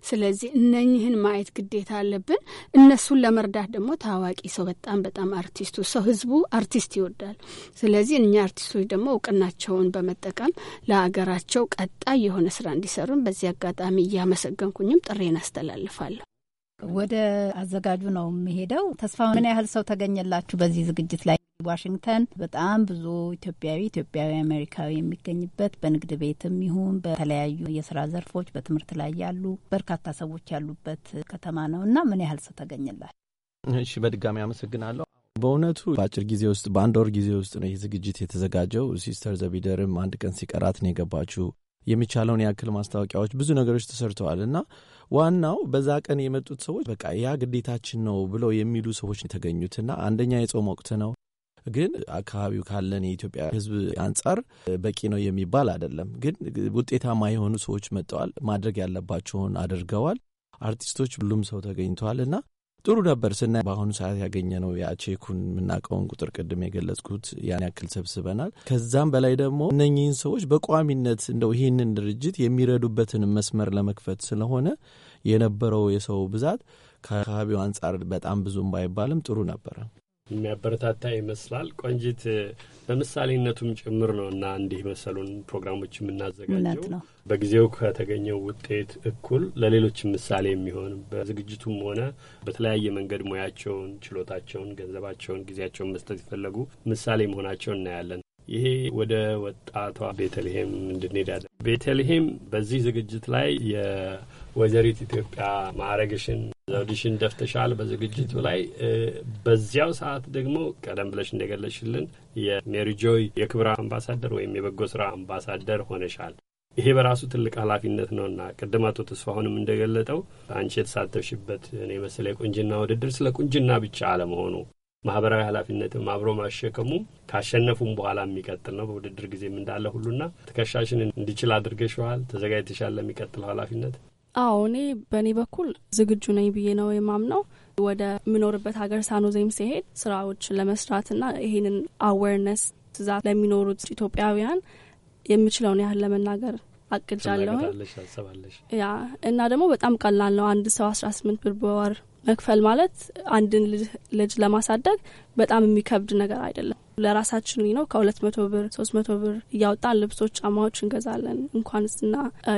ስለ ስለዚህ እነኝህን ማየት ግዴታ አለብን። እነሱን ለመርዳት ደግሞ ታዋቂ ሰው በጣም በጣም አርቲስቱ ሰው ህዝቡ አርቲስት ይወዳል። ስለዚህ እኛ አርቲስቶች ደግሞ እውቅናቸውን በመጠቀም ለሀገራቸው ቀጣይ የሆነ ስራ እንዲሰሩን በዚህ አጋጣሚ እያመሰገንኩኝም ጥሬን አስተላልፋለሁ። ወደ አዘጋጁ ነው የሚሄደው። ተስፋ ምን ያህል ሰው ተገኘላችሁ በዚህ ዝግጅት ላይ? ዋሽንግተን በጣም ብዙ ኢትዮጵያዊ ኢትዮጵያዊ አሜሪካዊ የሚገኝበት በንግድ ቤትም ይሁን በተለያዩ የስራ ዘርፎች በትምህርት ላይ ያሉ በርካታ ሰዎች ያሉበት ከተማ ነው እና ምን ያህል ሰው ተገኘላል? እሺ፣ በድጋሚ አመሰግናለሁ። በእውነቱ በአጭር ጊዜ ውስጥ በአንድ ወር ጊዜ ውስጥ ነው ይህ ዝግጅት የተዘጋጀው። ሲስተር ዘቢደርም አንድ ቀን ሲቀራት ነው የገባችው። የሚቻለውን ያክል ማስታወቂያዎች፣ ብዙ ነገሮች ተሰርተዋል እና ዋናው በዛ ቀን የመጡት ሰዎች በቃ ያ ግዴታችን ነው ብለው የሚሉ ሰዎች የተገኙትና አንደኛ የጾም ወቅት ነው ግን አካባቢው ካለን የኢትዮጵያ ሕዝብ አንጻር በቂ ነው የሚባል አይደለም። ግን ውጤታማ የሆኑ ሰዎች መጥተዋል። ማድረግ ያለባቸውን አድርገዋል። አርቲስቶች፣ ሁሉም ሰው ተገኝተዋል እና ጥሩ ነበር ስናይ። በአሁኑ ሰዓት ያገኘ ነው የአቼኩን የምናውቀውን ቁጥር ቅድም የገለጽኩት ያን ያክል ሰብስበናል። ከዛም በላይ ደግሞ እነኚህን ሰዎች በቋሚነት እንደው ይህንን ድርጅት የሚረዱበትን መስመር ለመክፈት ስለሆነ የነበረው የሰው ብዛት ከአካባቢው አንጻር በጣም ብዙም ባይባልም ጥሩ ነበረ። የሚያበረታታ ይመስላል። ቆንጂት በምሳሌነቱም ጭምር ነው እና እንዲህ መሰሉን ፕሮግራሞች የምናዘጋጀው በጊዜው ከተገኘው ውጤት እኩል ለሌሎች ምሳሌ የሚሆን በዝግጅቱም ሆነ በተለያየ መንገድ ሙያቸውን፣ ችሎታቸውን፣ ገንዘባቸውን፣ ጊዜያቸውን መስጠት የፈለጉ ምሳሌ መሆናቸውን እናያለን። ይሄ ወደ ወጣቷ ቤተልሔም እንድንሄዳለን። ቤተልሔም በዚህ ዝግጅት ላይ ወይዘሪት ኢትዮጵያ ማዕረግሽን ዘውድሽን ደፍተሻል በዝግጅቱ ላይ። በዚያው ሰዓት ደግሞ ቀደም ብለሽ እንደገለሽልን የሜሪጆይ የክብር አምባሳደር ወይም የበጎ ስራ አምባሳደር ሆነሻል። ይሄ በራሱ ትልቅ ኃላፊነት ነውና ቅድም አቶ ተስፋሁንም እንደገለጠው አንቺ የተሳተፍሽበት እኔ መሰለ የቁንጅና ውድድር ስለ ቁንጅና ብቻ አለመሆኑ ማህበራዊ ኃላፊነትም አብሮ ማሸከሙም ካሸነፉም በኋላ የሚቀጥል ነው። በውድድር ጊዜም እንዳለ ሁሉና ትከሻሽን እንዲችል አድርገሽዋል። ተዘጋጅተሻል ለሚቀጥለው ኃላፊነት። አዎ እኔ በእኔ በኩል ዝግጁ ነኝ ብዬ ነው የማምነው። ወደ የምኖርበት ሀገር ሳኖዜም ሲሄድ ስራዎችን ለመስራትና ይሄንን አዌርነስ ትዛት ለሚኖሩት ኢትዮጵያውያን የምችለውን ያህል ለመናገር አቅጃለሁኝ። ያ እና ደግሞ በጣም ቀላል ነው። አንድ ሰው አስራ ስምንት ብር በወር መክፈል ማለት አንድን ልጅ ለማሳደግ በጣም የሚከብድ ነገር አይደለም። ለራሳችን ነው ከሁለት መቶ ብር ሶስት መቶ ብር እያወጣን ልብሶች፣ ጫማዎች እንገዛለን። እንኳንስና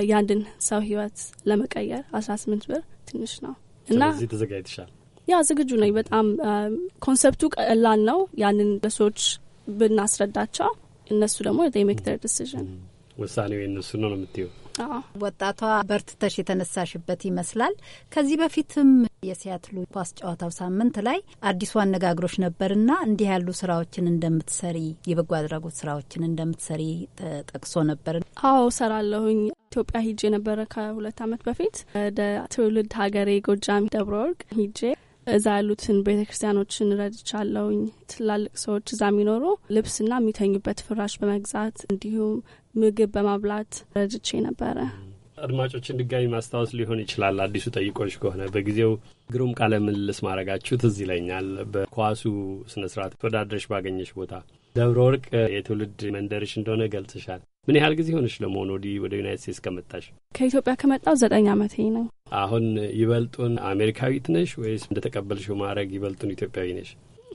የአንድን ሰው ህይወት ለመቀየር አስራ ስምንት ብር ትንሽ ነው እና ተዘጋጅተሻል? ያ ዝግጁ ነኝ። በጣም ኮንሰፕቱ ቀላል ነው። ያንን ለሰዎች ብናስረዳቸው እነሱ ደግሞ የሜክተር ዲሲዥን ውሳኔው የእነሱ ነው ነው የምትየው ወጣቷ በርትተሽ የተነሳሽበት ይመስላል። ከዚህ በፊትም የሲያትሉ ኳስ ጨዋታው ሳምንት ላይ አዲሱ አነጋግሮች ነበርና እንዲህ ያሉ ስራዎችን እንደምትሰሪ የበጎ አድራጎት ስራዎችን እንደምትሰሪ ጠቅሶ ነበር። አዎ ሰራለሁኝ። ኢትዮጵያ ሂጄ ነበረ ከሁለት አመት በፊት ወደ ትውልድ ሀገሬ ጎጃም ደብረ ወርቅ ሂጄ እዛ ያሉትን ቤተ ክርስቲያኖችን ረድቻለውኝ። ትላልቅ ሰዎች እዛ የሚኖሩ ልብስና የሚተኙበት ፍራሽ በመግዛት እንዲሁም ምግብ በማብላት ረድቼ ነበረ። አድማጮችን ድጋሚ ማስታወስ ሊሆን ይችላል አዲሱ ጠይቆች ከሆነ በጊዜው ግሩም ቃለ ምልልስ ማድረጋችሁ ትዝ ይለኛል። በኳሱ ስነስርዓት ተወዳድረሽ ባገኘሽ ቦታ ደብረ ወርቅ የትውልድ መንደርሽ እንደሆነ ገልጽሻል። ምን ያህል ጊዜ ሆነሽ ለመሆኑ ወዲህ ወደ ዩናይት ስቴትስ ከመጣሽ? ከኢትዮጵያ ከመጣው ዘጠኝ ዓመቴ ነው። አሁን ይበልጡን አሜሪካዊት ነሽ ወይስ ተቀበልሽው ማድረግ ይበልጡን ኢትዮጵያዊ ነሽ?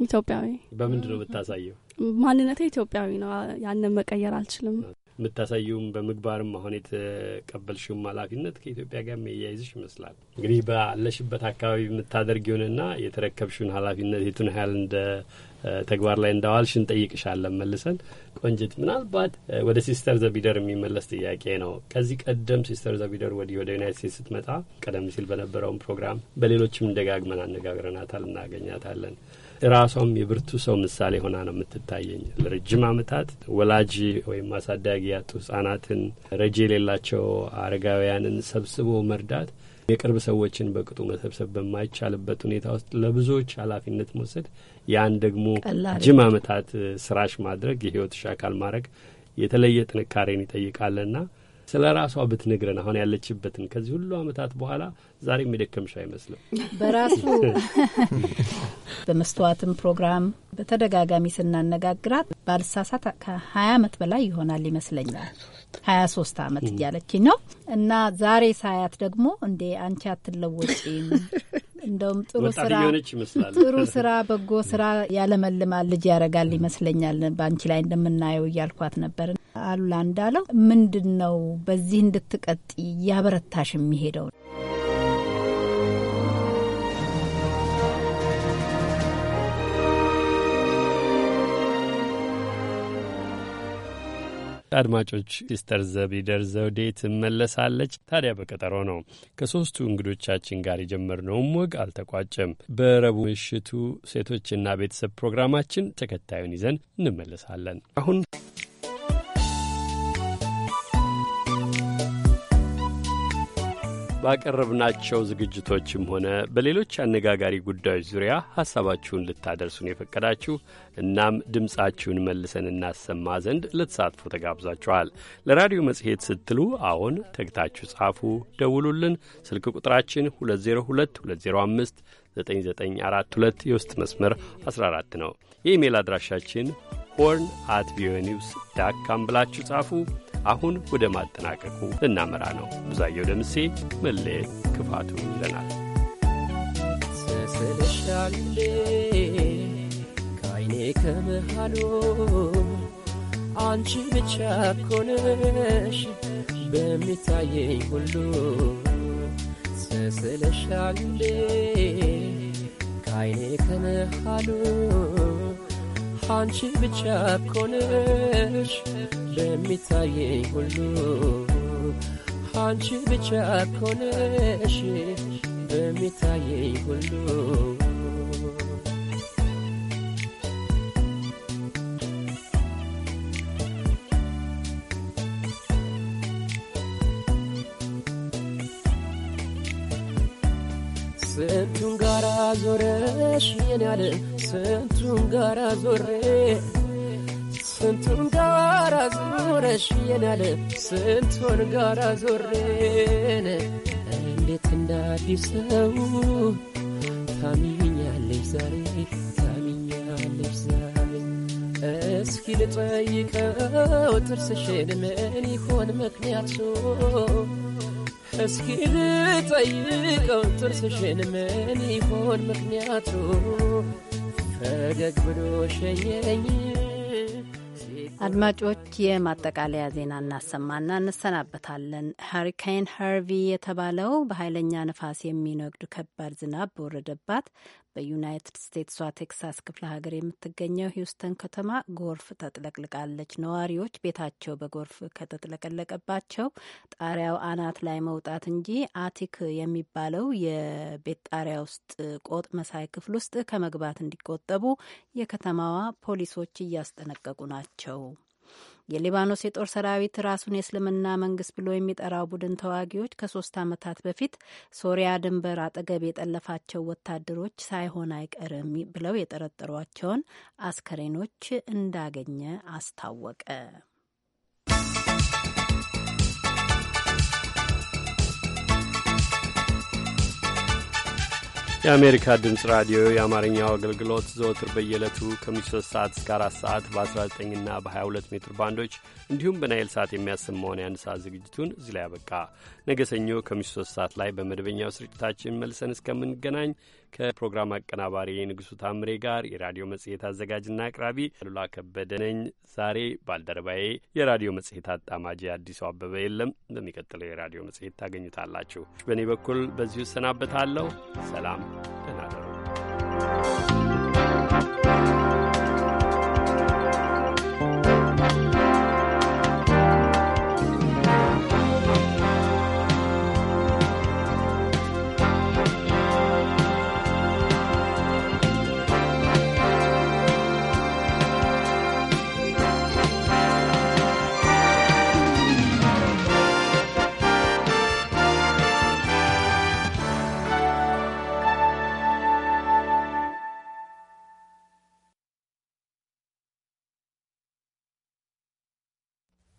ኢትዮጵያዊ። በምንድን ነው የምታሳየው? ማንነቴ ኢትዮጵያዊ ነው። ያንን መቀየር አልችልም። የምታሳየውም በምግባርም አሁን የተቀበልሽውም ኃላፊነት ከኢትዮጵያ ጋር የሚያያይዝሽ ይመስላል። እንግዲህ ባለሽበት አካባቢ የምታደርጊውንና የተረከብሽውን ኃላፊነት የቱን ያህል እንደ ተግባር ላይ እንዳዋልሽ እንጠይቅሻለን መልሰን። ቆንጅት፣ ምናልባት ወደ ሲስተር ዘቢደር የሚመለስ ጥያቄ ነው። ከዚህ ቀደም ሲስተር ዘቢደር ወዲህ ወደ ዩናይት ስቴትስ ስትመጣ ቀደም ሲል በነበረውን ፕሮግራም በሌሎችም እንደጋግመን አነጋግረናታል፣ እናገኛታለን። ራሷም የብርቱ ሰው ምሳሌ ሆና ነው የምትታየኝ። ለረጅም ዓመታት ወላጅ ወይም አሳዳጊ ያጡ ህጻናትን፣ ረጅ የሌላቸው አረጋውያንን ሰብስቦ መርዳት የቅርብ ሰዎችን በቅጡ መሰብሰብ በማይቻልበት ሁኔታ ውስጥ ለብዙዎች ኃላፊነት መውሰድ ያን ደግሞ ጅም ዓመታት ስራሽ ማድረግ የህይወትሽ አካል ማድረግ የተለየ ጥንካሬን ይጠይቃልና ስለ ራሷ ብትነግረን አሁን ያለችበትን ከዚህ ሁሉ አመታት በኋላ ዛሬ የሚደከምሽ አይመስልም። በራሱ በመስተዋትም ፕሮግራም በተደጋጋሚ ስናነጋግራት ባልሳሳት ከሀያ አመት በላይ ይሆናል ይመስለኛል ሀያ ሶስት አመት እያለችኝ ነው እና ዛሬ ሳያት ደግሞ እንዴ አንቺ አትለወጪም እንደውም ጥሩ ስራ ጥሩ ስራ በጎ ስራ ያለመልማል ልጅ ያደርጋል ይመስለኛል በአንቺ ላይ እንደምናየው እያልኳት ነበር። አሉላ እንዳለው ምንድን ነው በዚህ እንድትቀጥ ያበረታሽ የሚሄደው አድማጮች ሲስተር ዘቢደር ዘውዴ ትመለሳለች። ታዲያ በቀጠሮ ነው ከሶስቱ እንግዶቻችን ጋር የጀመርነውም ወግ አልተቋጨም። በረቡ ምሽቱ ሴቶችና ቤተሰብ ፕሮግራማችን ተከታዩን ይዘን እንመለሳለን። አሁን ባቀረብናቸው ዝግጅቶችም ሆነ በሌሎች አነጋጋሪ ጉዳዮች ዙሪያ ሐሳባችሁን ልታደርሱን የፈቀዳችሁ እናም ድምፃችሁን መልሰን እናሰማ ዘንድ ለተሳትፎ ተጋብዛችኋል። ለራዲዮ መጽሔት ስትሉ አሁን ተግታችሁ ጻፉ፣ ደውሉልን። ስልክ ቁጥራችን 2022059942 የውስጥ መስመር 14 ነው። የኢሜይል አድራሻችን ሆርን አት ቪኦኤ ኒውስ ዳት ካም ብላችሁ ጻፉ። አሁን ወደ ማጠናቀቁ ልናመራ ነው። ብዛየው ደምሴ መለየት ክፋቱ ይለናል። ስስልሻሌ ከዓይኔ ከመሃሉ አንቺ ብቻ ኮነሽ በሚታየኝ ሁሉ ስስልሻሌ ከዓይኔ ከመሃሉ አንቺ ብቻ ኮነሽ በሚታየኝ ሁሉ አንቺ ብቻ ኮነሽ በሚታየኝ ሁሉ ስንቱን ጋራ ዞረሽ የኔ ዓለም ስንቱን ጋራ ዞሬ ስንቱን ጋራ ዞረሽናል ስንቱን ጋራ ዞሬን እንዴት እንደ አዲስ ሰው ታሚኛለሽ ዛሬ ታሚኛለሽ ዛሬ እስኪ ልጠይቀው ትርስሽን ምን ይሆን ምክንያቱ እስኪ ልጠይቀው ትርስሽን ምን ይሆን ምክንያቱ ፈገግ ብሎ ሸኘኝ አድማጮች የማጠቃለያ ዜና እናሰማና እንሰናበታለን። ሃሪኬን ሀርቪ የተባለው በኃይለኛ ንፋስ የሚነግዱ ከባድ ዝናብ በወረደባት በዩናይትድ ስቴትሷ ቴክሳስ ክፍለ ሀገር የምትገኘው ሂውስተን ከተማ ጎርፍ ተጥለቅልቃለች። ነዋሪዎች ቤታቸው በጎርፍ ከተጥለቀለቀባቸው ጣሪያው አናት ላይ መውጣት እንጂ አቲክ የሚባለው የቤት ጣሪያ ውስጥ ቆጥ መሳይ ክፍል ውስጥ ከመግባት እንዲቆጠቡ የከተማዋ ፖሊሶች እያስጠነቀቁ ናቸው። የሊባኖስ የጦር ሰራዊት ራሱን የእስልምና መንግስት ብሎ የሚጠራው ቡድን ተዋጊዎች ከሶስት ዓመታት በፊት ሶሪያ ድንበር አጠገብ የጠለፋቸው ወታደሮች ሳይሆን አይቀርም ብለው የጠረጠሯቸውን አስከሬኖች እንዳገኘ አስታወቀ። የአሜሪካ ድምፅ ራዲዮ የአማርኛው አገልግሎት ዘወትር በየዕለቱ ከምሽቱ 3 ሰዓት እስከ 4 ሰዓት በ19 ና በ22 ሜትር ባንዶች እንዲሁም በናይል ሰዓት የሚያሰማውን የአንድ ሰዓት ዝግጅቱን እዚህ ላይ ያበቃ። ነገ ሰኞ ከምሽቱ 3 ሰዓት ላይ በመደበኛው ስርጭታችን መልሰን እስከምንገናኝ ከፕሮግራም አቀናባሪ ንጉሱ ታምሬ ጋር የራዲዮ መጽሔት አዘጋጅና አቅራቢ ሉላ ከበደ ነኝ። ዛሬ ባልደረባዬ የራዲዮ መጽሔት አጣማጅ አዲሱ አበበ የለም። በሚቀጥለው የራዲዮ መጽሔት ታገኙታላችሁ። በእኔ በኩል በዚሁ እሰናበታለሁ። ሰላም፣ ደህና እደሩ።